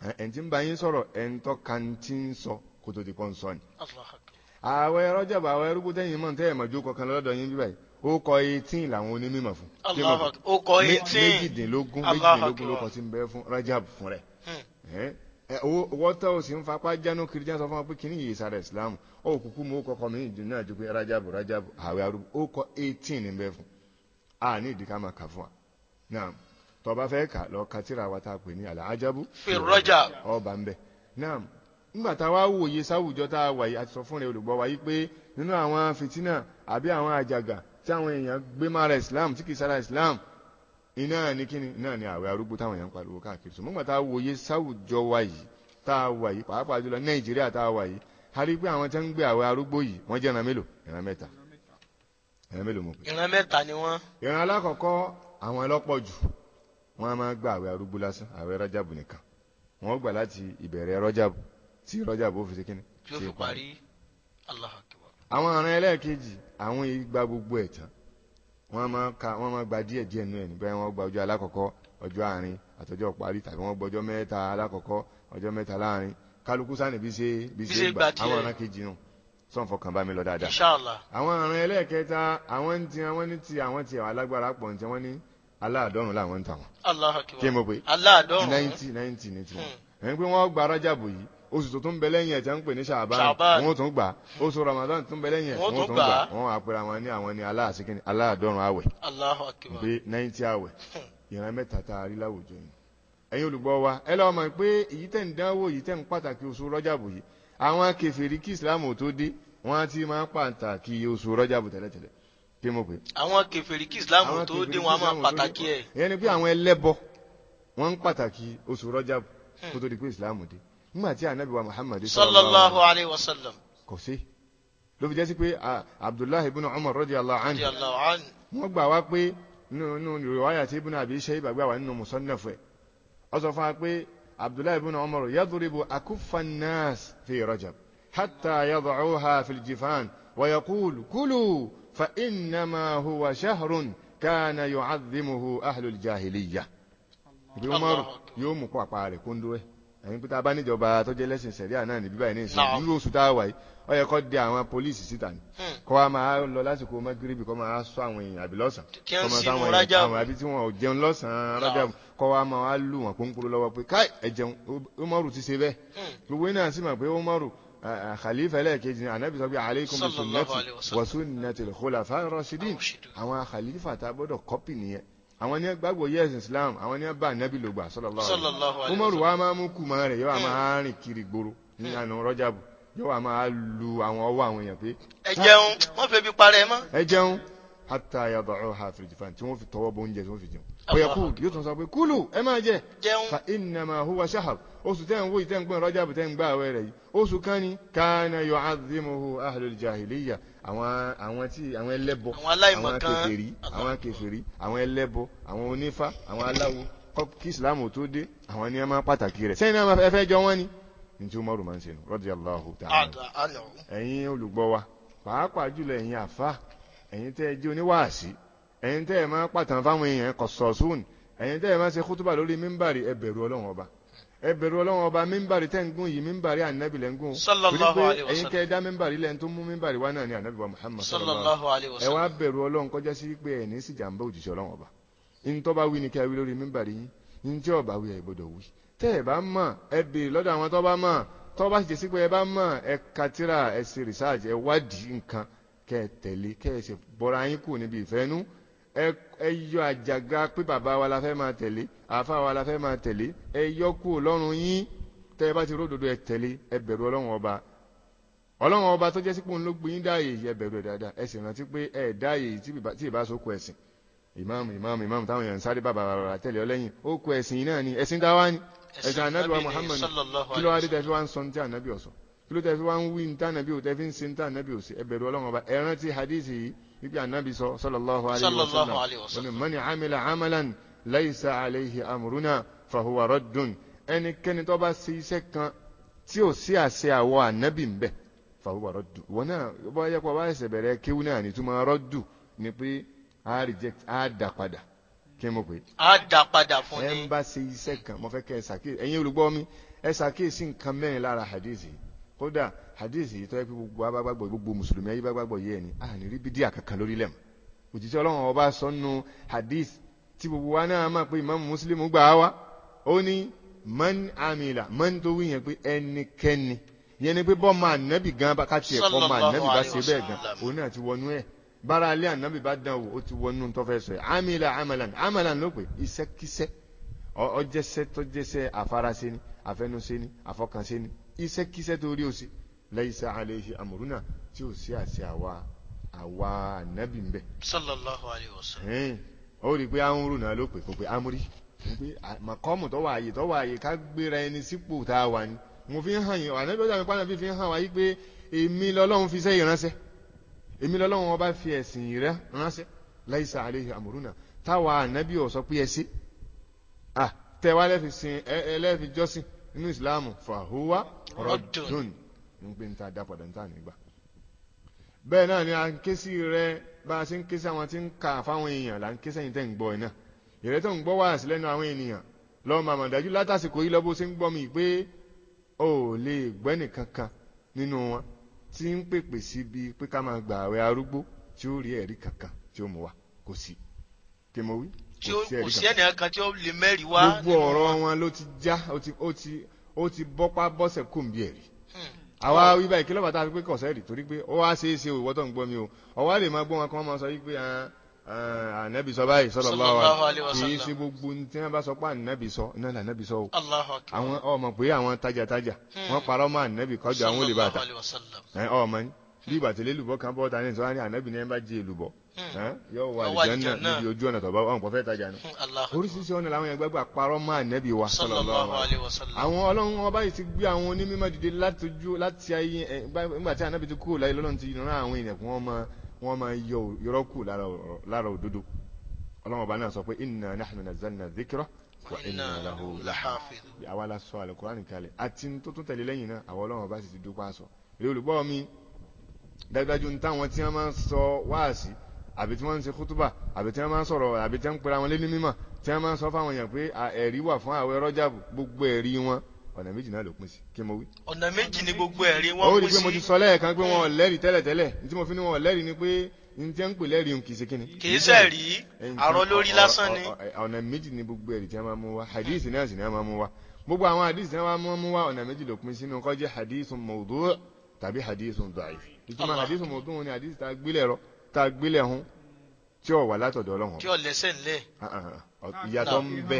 ẹ̀ǹtí eh, ń bá yín sọ̀rọ̀ ẹ̀ǹtọ́ kàǹtí ń sọ kó tó ti kọ́ ń sọ ni. ààwẹ̀ Rajab ààwẹ̀ rúgbó tẹ́yìn mọ̀ tẹ́yẹ̀ mọ̀jú kọ̀ọ̀kan lọ́dọ̀ yín bíbáyìí ó kọ eighteen làwọn onímọ̀ fún. ó kọ eighteen méjìdínlógún méjìdínlógún ló kọ sí ń bẹ fún Rajab fún rẹ̀ hmm. eh, eh, wọ́tọ̀ ò sì ń fapá jánu kiri jẹ́ sọ fún wa pé kí ni yìí sáré Islam O kúkú mú ó kọ́ kọ́ mi ìdí náà ju pé Rajabu Rajabu ààwẹ̀ arúgbó ó kọ eighteen ń bẹ fún a ní ìdí ká máa kà fún wa náà tó bá fẹ́ kà lọ ka tírà wa tá a pè ní àlàájábù. fìrọ́jà ọba ń bẹ̀. náà nígbà tá a wá wòye sáwùjọ tá a wà yìí àti sọ fún rẹ olùgbọ́ wa yìí pé nínú àwọn fìtínà àbí àwọn àjàgà tí àwọn èèyàn gbé mára Islam tí kì í sára Islam iná ni kíni iná ni àwẹ̀ arúgbó táwọn èèyàn ń pariwo káàkiri sọ nígbà tá a wòye sáwùjọ wa yìí tá a wà yìí pàápàá jùlọ Nàìjíríà tá a wà yìí a rí pé àwọn tí ń gbé àwẹ̀ arúgbó yìí wọ́n jẹ́ ìran mélòó ìran mẹ́ta ìran mélòó mo pè. ìran mẹ́ta ni wọ́n. ìran alákọ̀ọ́kọ́ wọ́n á máa gba àwẹ̀ arúgbó lásán àwẹ̀ rọ́jàbù nìkan wọ́n gbà láti ìbẹ̀rẹ̀ rọ́jàbù tí rọ́jàbù ó fi ṣe kíni. tí ó fi parí Allahu Akbar. àwọn ọ̀ràn ẹlẹ́ẹ̀kejì àwọn ìgbà gbogbo ẹ̀ tán wọ́n máa ka wọ́n máa gba díẹ̀ díẹ̀ nú ẹ̀ nígbà wọ́n gba ọjọ́ alákọ̀ọ́kọ́ ọjọ́ àárín àtọjọ́ parí tàbí wọ́n gbọ́jọ́ mẹ́ta alákọ̀ọ́kọ́ ọjọ́ mẹ́ta láàárín kálukú sáni bí ṣe bí ṣe gbà àwọn ọ̀ràn kejì náà sọ́n fọkàn bá mi lọ dáadáa. àwọn ọ̀ràn ẹlẹ́ẹ̀kẹta àwọn ń ti àwọn ní ti àwọn ti àwọn alágbára pọ̀ ní ti wọ́n ní aláàdọ́rùn làwọn ń tà wọn. kí mo pè aláàdọ́rùn ninety ninety ni tiwọn. Hmm. ẹni pé wọ́n gba rájàbù yìí oṣù tó tún bẹ lẹ́yìn ẹ̀ tẹ́ ń pè ní ṣàbáyé wọn tún gbà oṣù ramadan tún bẹ lẹ́yìn ẹ̀ wọn ò tún gbà wọn àpẹẹrẹ àwọn ní àwọn ní aláàsíkìní aláàdọ́rùn àwẹ̀ pé ninety àwẹ̀ hmm. ìran mẹ́ta tá a rí láwùjọ yìí. ẹ̀yin olùgbọ́ wa ẹ lọ́wọ́ mọ̀ pé èyí tẹ̀ ń dánwò èyí tẹ̀ ń pàtàkì oṣù rọ́jàbù yìí àwọn kí mo pè. àwọn kẹfẹ́rì kí islam tó dé wọn a máa pàtàkì ẹ̀. ìyẹn ni pé àwọn ẹlẹ́bọ wọ́n ń pàtàkì oṣù rọ́jà kó tó di pé islam dé nígbà tí anabi wa muhammad sallallahu alayhi wa sallam kò sí ló fi jẹ́ sí pé abdullahi ibn umar radiyallahu anhu wọ́n gbà wá pé nínú riwaya tí ibn abi shayba gbà wá nínú musannaf ẹ̀ ọ sọ fún wa pé abdullahi ibn umar yadribu akuffa fi rajab hatta yad'uha fi jifan wa kulu فإنما هو شهر كان يعظمه أهل الجاهلية ìpínlẹ̀ ọmọrù yóò mú kó àpá rẹ̀ kóńdó ẹ̀ ẹ̀yìn pé ta bá níjọba tó jẹ́ lẹ́sìn sẹ̀ríà náà níbí báyìí ní ìsìn ìlú oṣù tá a wà yìí ó yẹ kó de àwọn pólíìsì síta ni hmm. kó wa máa lọ lásìkò mọ́gírìbì kó máa sọ àwọn èèyàn àbí lọ́sàn kó máa sọ àwọn èèyàn àwọn àbí tí wọn ò jẹun lọ́sàn rájà kó wa máa lù wọn kó ń polówó lọ́wọ́ pé káì ẹ jẹun ọmọrù ti ṣe bẹ́ẹ̀ hmm. gbogbo iná sì mọ̀ pé ọmọrù khalifa ẹlẹ́ẹ̀kejì ni anabi sọ pé aleikum sunnati wa sunnati khulafa rasidin àwọn khalifa ta gbọ́dọ̀ kọ́pì nìyẹn àwọn ní gbàgbọ́ yẹ́sì islam àwọn ní bá anabi lògbà sallallahu alaihi umaru wa máa mú kùmà rẹ̀ yóò máa rìn kiri gbòòrò ní àná rọ́jàbù yóò máa lu àwọn ọwọ́ àwọn èèyàn pé. ẹ jẹun wọn fẹbi parẹ mọ. ẹ jẹun hata yadacuha fi jifan tí wọ́n fi tọwọ́ bọ oúnjẹ tí wọ́n fi jẹun fayakul yóò tún sọ pé kúlù ẹ máa jẹ fa innama huwa shahar oṣù tẹ́ ń wó ìtẹ́ ń gbọ́n rọ́jàbù tẹ́ ń gbà àwẹ̀ rẹ̀ yìí oṣù kan ni kana yu'azzimuhu ahlul jahiliya àwọn àwọn tí àwọn ẹlẹ́bọ àwọn kèfèrí àwọn kèfèrí àwọn ẹlẹ́bọ àwọn onífá àwọn aláwo kí islam tó dé àwọn ni ẹ máa pàtàkì rẹ̀ sẹ́yìn náà ẹ fẹ́ jọ wọ́n ni ní tí umaru máa ń ṣe nù radiyallahu ta'ala ẹ̀yin olùgbọ́ wa pàápàá jùlọ ẹ̀yin àfáà ẹ̀yin tẹ́ ẹ jẹ́ oníwàásí ẹ̀yin tẹ́ ẹ máa pàtàn fáwọn èèyàn kọ̀sọ̀sùn ẹ̀yin tẹ́ ẹ máa ṣe kútùbà lórí mímbàrí ẹ bẹ̀rù ọlọ́run ọba ẹ bẹ̀rù ọlọ́run ọba mímbàrí tẹ́ ń gùn yìí mímbàrí ànábì lẹ́ ń gùn sallallahu alaihi wasallam ẹ̀yin tẹ́ ẹ dá mímbàrí lẹ́yìn tó mú mímbàrí wá náà ni ànábì wa Muhammad sallallahu alaihi wasallam ẹ wá bẹ̀rù ọlọ́run kọjá sí pé ẹ̀ ní sí jàǹbá òjìṣẹ́ ọlọ́run jẹ́ sí pé ẹ bá mọ̀ ẹ katira ẹ ṣe rìsáàjì ẹ wádìí nǹkan kẹ́ ẹ tẹ̀lé kẹ́ ẹ ṣe bọ́ra yín kù níbi ìfẹ́nú ẹ yọ àjàgà pé bàbá wa la fẹ́ máa tẹ̀lé àfa wa la fẹ́ máa tẹ̀lé ẹ yọ kù lọ́rùn yín tẹ́ ẹ bá ti ródòdó ẹ tẹ̀lé ẹ bẹ̀rù ọlọ́run ọba ọlọ́run ọba tó jẹ́ sípò ló gbé yín dáàyè ẹ bẹ̀rù ẹ dáadáa ẹ sì rántí pé ẹ dáàyè tí ì bá sóko ẹ̀sìn ìmáàmù ìmáàmù ìmáàmù táwọn èèyàn ń sáré bàbà bàbà tẹ̀lé ọlẹ́yìn ó kó ẹ̀sìn yìí náà ni ẹ̀sìn táwa ni ẹ̀sìn anábìwá Muhammad kí ló wá dé tẹ́ fi wá ń sọ ní tí anábì ọ̀sán kí ló tẹ́ fi wá ń wí níta nàbí ò tẹ́ fi ń ṣe níta nàbí ò sí ẹ bẹ̀rù ọlọ́run ọba ẹ rántí hadisi yìí wípé ànábì sọ sallallahu alayhi wa sallam mani amila amalan laisa alayhi amuruna fahuwa raddun ẹnikẹ́ni tó bá ṣe iṣẹ́ kan tí ò sí àṣẹ àwọ ànábì ń bẹ̀ fahuwa raddun wọn náà bọ́ ẹ yẹpọ̀ bá ẹsẹ̀ bẹ̀rẹ̀ kéwú náà ní túmọ̀ rọ́dù ni pé a reject a dà padà kí n mọ̀ pé. a dà padà fún ni. ẹ ń bá ṣe iṣẹ́ kan mo fẹ́ kẹ́ ẹ ṣàkíyèsí ẹ̀yin olùgbọ́ mi ẹ ṣàkíyèsí nǹkan mẹ́rin lára hadisi yìí kódà hadith yìí tó yẹ kí gbogbo abágbàgbọ gbogbo mùsùlùmí ayé bágbàgbọ yìí ẹni a ní rí bídíà kankan lórí lẹm òjíṣẹ́ Ọlọ́run ọba sọnù hadith tí gbogbo wa náà máa pé imam muslim gbà wá ó ní man amila man tó wí yẹn pé ẹnikẹ́ni yẹn ni pé bọ́ máa nẹ́bì gan bá káàtì ẹ̀ kọ́ máa nẹ́bì bá ṣe bẹ́ẹ̀ gan òun náà ti wọnú ẹ̀ bára alẹ́ ànábì bá dán wò ó ti wọnú tó fẹ́ sọ ẹ̀ amila amalan amalan ló pé iṣẹ́kíṣẹ́ ọjẹ́sẹ́ tọ́jẹ́sẹ́ àfarasẹ́ni àfẹnusẹ́ni àfọkànsẹ́ni iṣẹ́kíṣẹ́ tó rí òsì laisa alayhi amruna tí ò sí àṣẹ àwa àwa ànábì ń bẹ. sallallahu alayhi wa sallam. ó rí i pé àwọn rúnà ló pè kó pé amúrí pé màkọ́mù tó wà àyè tó wà àyè ká gbéra ẹni sípò tá a wà ní. mo fi ń hàn yín ànábì ọjà mi pàdánù fi fi ń hàn wáyé pé èmi lọ́lọ́run fi iṣẹ́ ìránṣẹ́ èmi lọ́lọ́run ọba fi ẹ̀sìn ìrẹ́ ránṣẹ́ laisa alayhi amruna táwa ànábì ò sọ pé ẹ sí. ah tẹ wá lẹ́fi sin ẹ lẹ́fi jọ́sìn nínú ìsìláàmù fàhùwà rọdùn ní pé níta dá padà níta nígbà bẹ́ẹ̀ náà ni a ń ké sí rẹ bá a ṣe ń ké sí àwọn tí ń kà fáwọn èèyàn là ń ké sẹ́yìn tẹ́ ń gbọ́ ẹ̀ náà ìrẹ́ tó ń gbọ́ wáàsí lẹ́nu àwọn ènìyàn lọ́ọ́ màmá dájú látàsìkò yìí lọ́bó ṣe ń gbọ́ mi pé o ò lè gbọ́ ẹnìkankan nínú wọn tí ń pèpè síbi pé ká máa gbà àwẹ̀ arúgbó tí ó rí ẹ̀rí kankan tí ó mú wa kò sí kí mo wí tí kò sí ẹnìyàn kan tí ó lè mẹ́rin wá. gbogbo ọ̀rọ̀ wọn ló ti já ó ti bọ́pá bọ́sẹ̀ kò ń bí ẹ̀rí hmm. àwa wí báyìí kí lọ́ba tá a fi pé kọ̀sẹ́ẹ̀dì torí pé ó wá ṣeé ṣe ìwọ́tọ̀ ń gbọ́ mi o ọ̀wá lè máa gbọ́ wọn kí wọ́n máa sọ yí pé ah, ah, ànábì sọ báyìí sallallahu alaihi wasallam kì í ṣe gbogbo ní tí wọ́n bá sọ pé ànábì sọ iná là ànábì sọ o àwọn ọmọ pé àwọn tajàtajà hmm. wọ́n parọ́ mọ́ ànábì kọjá àwọn olè bàtà ọmọ yín bí ìgbà kan bọ́ ta ní ìsọ́wọ́n ànábì ní ẹ Hmm. yóò wà àlìjánná níbi ojú ọ̀nà tọ̀bá àwọn kò fẹ́ tajà ní. Hmm, oríṣiríṣi ọ̀nà làwọn ẹgbẹ́ gbà parọ́ mọ́ ànẹ́bí wa sallallahu alaihi wasallam. àwọn ọlọ́run ọba yìí ti gbé àwọn onímọ̀ dìde láti ayé eh, nígbà tí ànẹ́bí ti kúrò láyé lọ́lọ́run ti rán àwọn èèyàn kí wọ́n máa yọ irọ́ kù lára òdodo. ọlọ́run ọba náà sọ pé inna nahnu nazzalna dhikra wa inna lahu lahafidh. àwa la sọ àlùkùránì kalẹ̀ àti tó tún tẹ̀lé lẹ́yìn náà àwọn ọlọ́run ọba sì ti dúpọ̀ àṣọ. èrè olùgbọ́ mi dájúdájú ní táwọn tí wọ́n máa ń sọ wáàsí àbí tí wọ́n ń ṣe kútúbà àbí tí wọ́n máa ń sọ̀rọ̀ àbí tí wọ́n ń pera wọn lé ní mímọ̀ tí wọ́n máa ń sọ fáwọn èèyàn pé ẹ̀rí wà fún àwẹ̀ rọ́jàbù gbogbo ẹ̀rí wọn ọ̀nà méjì náà ló pín sí kí mo wí. ọ̀nà méjì ni gbogbo ẹ̀rí wọn pín sí. ó rí i pé mo ti sọ lẹ́ẹ̀kan pé wọn ò lẹ́rìí tẹ́lẹ̀tẹ́lẹ̀ tí mo fi ní wọn ò lẹ́rìí ni pé n tẹ́ ń pè lẹ́rìí n kì í ṣe kíni. kì í ṣe rí àrọ lórí lásán ni. ọ̀nà méjì ni gbogbo ẹ̀rí tí wọ́n máa mú wa hadith náà sì ni wọ́n máa mú wa gbogbo àwọn hadith tí wọ́n máa mú wa ọ̀nà méjì ló pín sínú kó hadith mawdu' tàbí hadith da'if. ni hadith tá a tá a gbélé ọ̀hún tí ó wà látọ̀dọ̀ ọlọ́run. tí ó lẹ́sẹ̀ ńlẹ̀. ìyàtọ̀ ń bẹ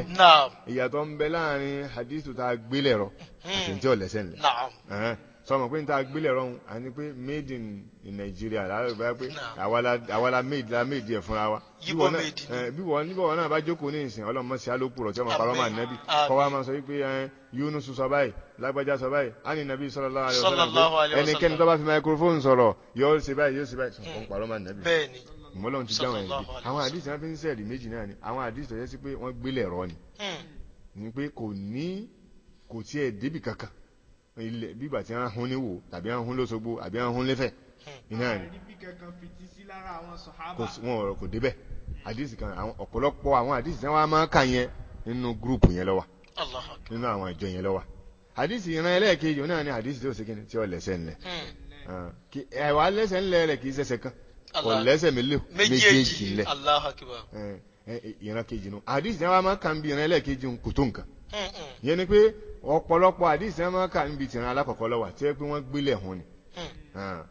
ìyàtọ̀ ń bẹ láàrin hadithu tá gbélé rọ hmm. àti tí ó lẹ́sẹ̀ ńlẹ̀ sọmọ pé n ta gbélé ẹ̀rọ ń àní pé made in in Nigeria láàárọ̀ bá pé àwa la made la made yẹ e fúnra wa yíbọn made ni eh, bí wọn níbọn náà bá jókòó ní ìsìn ọlọmọ sí alópùrọ tí ọmọ parọ máa nẹbi kọ wa máa sọ wípé eh, Yunus sọ báyìí lágbájá sọ báyìí ani nabi sallallahu alaihi wasallam ẹnikẹ́ni tó bá fi microphone sọ̀rọ̀ yóò ṣe báyìí yóò ṣe báyìí sọ̀rọ̀ parọ máa nẹbi mọlọ́n ti dáhùn ẹ̀ àwọn àdìsí wọn fi ń sẹ́ẹ̀lì méjì náà ni àwọn àdìsí tó yẹ sí pé wọ́n gbélé ẹ̀rọ ni mm. ni pé kò ní kò tiẹ̀ débì kankan ilẹ̀ bígbà tí wọ́n hún níwò tàbí wọ́n hún lóṣogbo àbí wọ́n hún lẹ́fẹ̀ hmm. iná rẹ̀ wọn ọ̀rọ̀ kò débẹ̀ àdìsí kan ọ̀pọ̀lọpọ̀ àwọn àdìsí tí wọ́n máa kà yẹn nínú gúrùpù yẹn lọ́wà nínú àwọn ìjọ yẹn lọ́wà àdìsí ìran ẹlẹ́ẹ̀kejì náà ni àdìsí tó ṣèkínní tí ó lẹ́sẹ̀ ńlẹ̀ hmm. ah, ẹ̀wà lẹ́sẹ̀ ńlẹ̀ rẹ̀ kì í ṣẹ̀ṣẹ̀ kan kò lẹ́sẹ̀ méjèèjì ńlẹ̀ eh, eh, ìran kejì nù àdìsí tí wọ́n máa kà ń ọ̀pọ̀lọpọ̀ àdìsí ẹ̀ máa kà níbi tìran alákọ̀ọ́kọ́ tí ẹ pé wọ́n gbélé hun ni hmm. ah,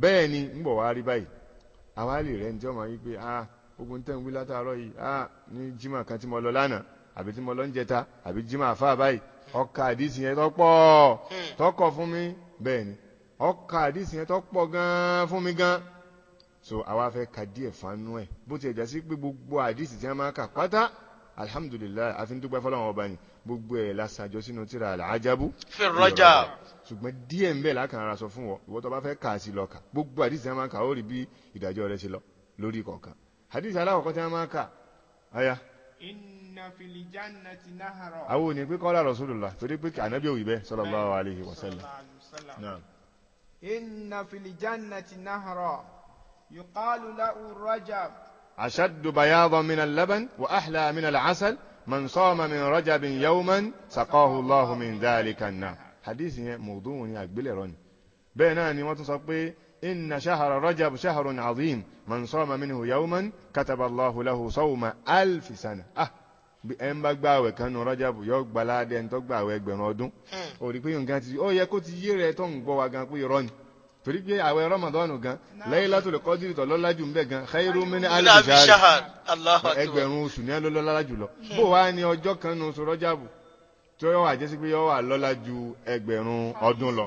bẹ́ẹ̀ ni ń bọ̀ wá rí báyìí àwa lè ah, ogun tẹ́ ń wí yìí ah ní jimá kan tí mo lọ lánàá àbí tí lọ ń jẹta àbí jimá àfa báyìí ọkà àdìsí yẹn tọ́pọ̀ hmm. fún mi bẹ́ẹ̀ ni ọkà àdìsí yẹn tọ́pọ̀ gan fún so àwa fẹ́ ka díẹ̀ fanú ẹ̀ bó ti ẹ̀ pé gbogbo àdìsí tí wọ́n máa kà pátá alhamdulilayi àfi ń dúpẹ́ fọlọ́wọn ọba gbogbo ẹ̀ lásàjọ sínú tíra àjábú fìrọ́jà ṣùgbọ́n díẹ̀ ń bẹ lákàn ara sọ fún wọ ìwọ tó bá fẹ́ kà sí lọ́kà gbogbo àdìsí máa kà ó rí bí ìdájọ́ rẹ̀ sí lọ lórí kọ̀ọ̀kan àdìsí alákọ̀ọ́kọ́ tí wọ́n máa kà áyá. inna fil jannati nahara. àwọn òní pé kọ́lá rasulullah torí pé ànábì òwì bẹ́ẹ̀ sallallahu alaihi wasallam man sọ́ọ̀mà min rajabin yawman saqahu Allahu min dhalika an-nar hadith yẹn mawdu'un ní àgbélẹ̀rọ ni bẹ́ẹ̀ náà ni wọ́n tún sọ pé inna shahara rajab shahrun azim man sọ́ọ̀mà minhu yawman kataba Allahu lahu sawma alfi sana ah ẹn bá gbààwẹ̀ kan nu rọ́jàbù yọ gbaládẹ́ ń tọ́ gbààwẹ̀ ẹgbẹ̀rún ọdún hmm. ó rí pé nǹkan ti ó yẹ kó ti yé rẹ tó ń gbọ́ wa gan pé irọ́ ni torí pé àwẹ̀ rọmọdọ́nù gan lẹ́yìn látòlè kọ́dírì tọ̀ lọ́lájú ń bẹ̀ gan xayiru mini alibishahar ẹgbẹ̀rún oṣù ní ẹlò lọ́lájú lọ hmm. bó wá ní ọjọ́ kan nu oṣù rọ́jàbù tó yọ wà jẹ́sí pé yọ wà lọ́lájú ẹgbẹ̀rún ọdún lọ.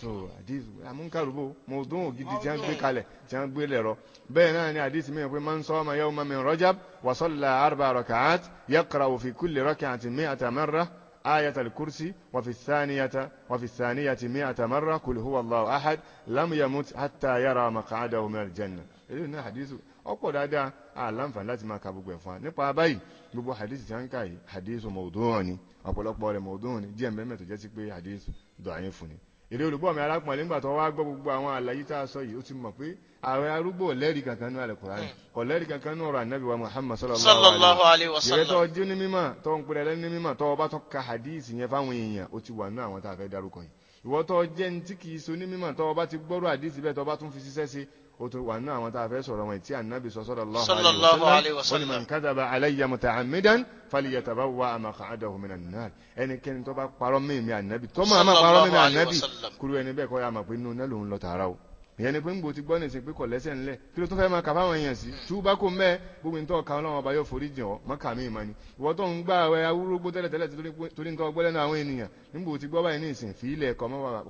so àdìs amúnkàrúbó mo dún ògidì tí wọ́n gbé kalẹ̀ tí wọ́n gbé lẹ̀rọ bẹ́ẹ̀ náà ni àdìs mi pé máa ń sọ ọmọ yẹ́wò mami rọ́jàb wàsọ́lá arba rọ̀kàát yẹ́kọ̀rọ̀ òfin kúlẹ̀ rọ́kàát mi àtàmẹ́rẹ́ آية الكرسي وفي الثانية وفي الثانية مئة مرة قل هو الله أحد لم يمت حتى يرى مقعده من الجنة èyí ní àdísù ọ̀pọ̀ dáadáa àlàǹfààní láti máa ka gbogbo ẹ̀ fún wa nípa báyìí gbogbo àdísù tí a ń kà yìí àdísù mọ̀ọ́dún ọ̀ni ọ̀pọ̀lọpọ̀ rẹ̀ mọ̀ọ́dún ọ̀ni díẹ̀ mẹ́mẹ́ tó jẹ́ sí pé àdísù dọ̀ àyín fún ni èrè olùgbọ́ mi arákùnrin nígbà tó wá gbọ́ gbogbo àwọn àlàyé tá a sọ yìí ó ti mọ̀ pé ààrẹ arúgbó lẹ́rìí kankan nínú Al-Qur'ani hmm. kò lẹ́rìí kankan nínú ọ̀rọ̀ ànábì wa Muhammad sallallahu alayhi wa sallam yẹrẹ tó jí ní mímọ̀ tó ń pèrè lẹ́nu ní mímọ̀ tó bá tó ka hadith yẹn fáwọn èèyàn ó ti wà nínú àwọn tá a fẹ́ darúkọ yìí ìwọ tó jẹ́ ní tí kìí so ní mímọ̀ tó bá ti gbọ́rọ̀ hadith bẹ́ẹ̀ tó bá tún fi ṣiṣẹ́ ó tún wà nínú àwọn tá a fẹ́ sọ̀rọ̀ wọn tí ànábì sọ sallallahu alaihi wa sallam man kadhaba alayya muta'ammidan falyatabawwa maq'adahu minan nar ẹnikẹ́ni tó bá parọ́ mímí ànábì tó máa má parọ́ mímí ànábì kúrú ẹni bẹ́ẹ̀ kọ́ ya mọ̀ pé inú náà lòun lọ tààrà o ìyẹn ni pé ńgbò ti gbọ́ ní ìsìn pé kò lẹ́sẹ̀ ńlẹ̀ kí ló tún fẹ́ máa kà fáwọn èèyàn sí túbá kò mẹ́ gbogbo ní tọ́ka ọlọ́run ọba yóò forí jìn ọ́ mọ́kà mí ìmọ̀ ni ìwọ tó ń gbà wẹ awúrógbó tẹ́lẹ̀tẹ́lẹ̀ torí nǹkan ọgbẹ́ lẹ́nu àwọn ènìyàn ńgbò ti gbọ́ báyìí ní ìsìn fi ilẹ̀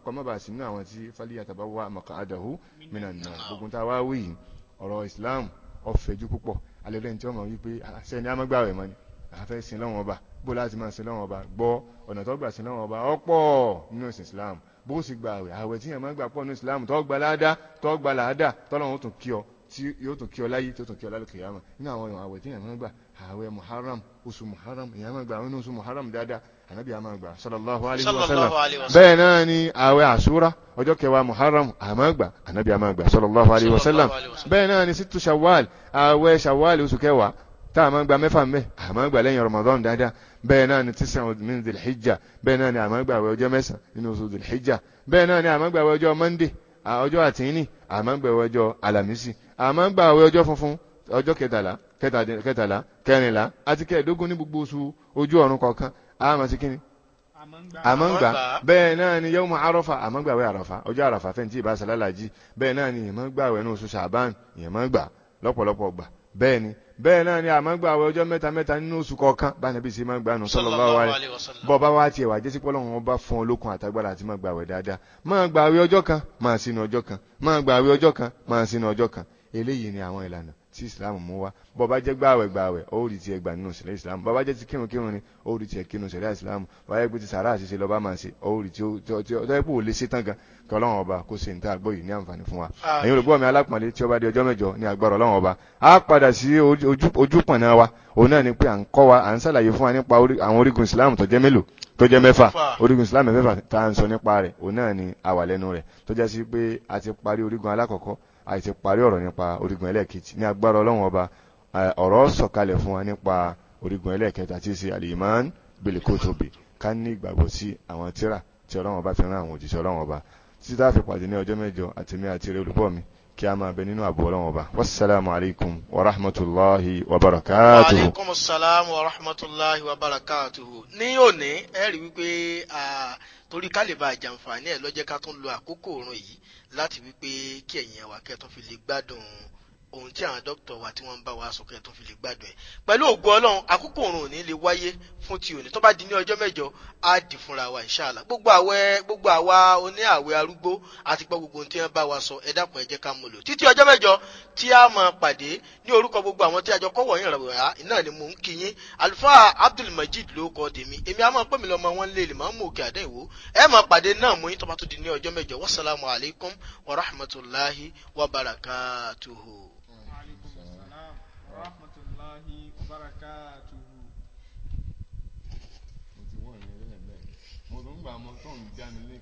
kọ́mọ́bà sínú àwọn tí fálíyà Islam ọ̀fẹ́jú púpọ̀ alẹ́lẹ́ni mọ̀ Islam bó sì gba àwẹ̀ àwẹ̀ tí yẹn máa gbà pọ̀ ní islam tó gba láàdá tó gba làádá tọ́lọ́run tún kí ọ tí yóò tún kí ọ láyé tí yóò tún kí ọ lálùkì yàmà nínú àwọn ìwọ̀n àwẹ̀ tí yẹn máa gbà àwẹ̀ muharram oṣù muharram ìyẹn máa gbà àwọn oṣù muharram dáadáa ànábì àmà gbà sallallahu alayhi wa sallam bẹ́ẹ̀ náà ni àwẹ̀ àṣúra ọjọ́ kẹwàá muharram àmà gbà ànábì àmà gbà sallallahu alayhi wa sallam bẹ́ẹ̀ náà ni situ shawwal àwẹ̀ shawwal oṣù kẹwàá tá a máa gba mẹ́fà mẹ́ a máa gba lẹ́yìn Ramadan dáadáa bẹ́ẹ̀ náà ni tisan min zilhijja bẹ́ẹ̀ náà ni a máa gba àwẹ̀ ọjọ́ mẹ́sàn nínú oṣù zilhijja bẹ́ẹ̀ náà ni a máa gba àwẹ̀ ọjọ́ Monday ọjọ́ àtìní a máa gba àwẹ̀ ọjọ́ Alamisi a máa gba àwẹ̀ ọjọ́ funfun ọjọ́ kẹtàlá kẹtàlá kẹrìnlá àti kẹẹ̀dógún ní gbogbo oṣù ojú ọ̀run kọ̀ọ̀kan a máa ti kíni àmọ́ngbà bẹ́ẹ̀ náà ni yawmu àrọ́fà àmọ́ngbàwé àrọ́fà ọjọ́ àrọ́fà fẹ́ntì ìbáṣà lálàjì bẹ́ẹ̀ náà ni ìyẹn máa ń ní oṣù ṣàbán ìyẹn gbà lọ́pọ̀lọpọ̀ gbà bẹ́ẹ̀ ni bẹ́ẹ̀ náà ni àmọ́ gba àwọn ọjọ́ mẹ́ta mẹ́ta nínú oṣù kọ̀ọ̀kan bá nàbí ṣe máa ń gbanu sallallahu alaihi wasallam bọ́ bá wá tiẹ̀ wá jẹ́ sí pọ́lọ́run ọba fún ọ lókun àtagbára àti máa gba àwẹ̀ dáadáa máa gba àwẹ̀ ọjọ́ kan máa sínú ọjọ́ kan máa gba àwẹ̀ ọjọ́ kan máa sínú ọjọ́ kan eléyìí ni àwọn ìlànà tí islam mú wá bó bá jẹ́ gbààwẹ̀ gbààwẹ̀ ó rí tiẹ̀ gbà nínú sẹ̀rẹ̀ islam bó bá jẹ́ ti kírun kírun ni ó rí tiẹ̀ kírun sẹ̀rẹ̀ islam bó bá jẹ́ pé ti sàrà àṣìṣe lọ́ba máa ṣe ó rí tí ó tọ́ pé ò lè ṣe tán gan kí ọlọ́run ọba kó ṣe níta àgbọ̀ yìí ní àǹfààní fún wa ẹ̀yin olùgbọ́ mi alápọ̀nlé tí ó di ọjọ́ mẹ́jọ ní agbára ọlọ́run ọba á padà sí ojúpọ̀nà wa òun náà ni pé à ń kọ́ wa à òun náà ni pé a àti parí ọ̀rọ̀ nípa orígun ẹlẹ́ẹ̀kejì ní agbára ọlọ́run ọba ọ̀rọ̀ sọ̀kalẹ̀ fún wa nípa orígun ẹlẹ́ẹ̀kẹta tí í ṣe àlìmán belikotobi ká ní ìgbàgbọ́ sí àwọn tíra tí ọlọ́run ọba fi rán àwọn òjíṣẹ́ ọlọ́run ọba títí tá a fi pàdé ní ọjọ́ mẹ́jọ àti mi àti rẹ̀ olùbọ̀ mi kí a máa bẹ nínú ààbò ọlọ́run ọba wasalaamu alaykum wa rahmatulahi wa barakatuhu. wa aleykum salaam wa rahmatulahi wa barakatuhu. ní òní ẹ rí wípé torí ká lè ba àjàǹfààní ẹ̀ ló jẹ́ ká tún lo àkókò òrùn yìí láti wípé kí ẹ̀yin ẹ̀wà kẹ́ fi lè gbádùn ohun tí àwọn dókítà wa tí wọ́n ń bá wa sọ kẹ́ tó fi lè gbádùn ẹ̀ pẹ̀lú ògùn ọlọ́run àkókò òrùn ní lè wáyé fún ti òní tó bá di ní ọjọ́ mẹ́jọ á dì fúnra wa ìṣáàlà gbogbo àwẹ̀ gbogbo àwa oní àwẹ̀ arúgbó àti pé gbogbo ohun tí wọ́n bá wa sọ ẹ dákun ẹ jẹ́ ká mú lò títí ọjọ́ mẹ́jọ tí a máa pàdé ní orúkọ gbogbo àwọn tí a jọ kọ́ wọ̀nyí rà iná Abdul Majid ló kọ tèmi èmi a máa pè mí lọ́mọ wọn lé lè máa ń mú òkè àdán ìwò ẹ máa pàdé náà wassalamu alaikum wa rahmatulahi rahmatulahi wabarakatuhu. mo ti wọ̀ ní ilé mo tún gbà mọ́ tó ń já mi lé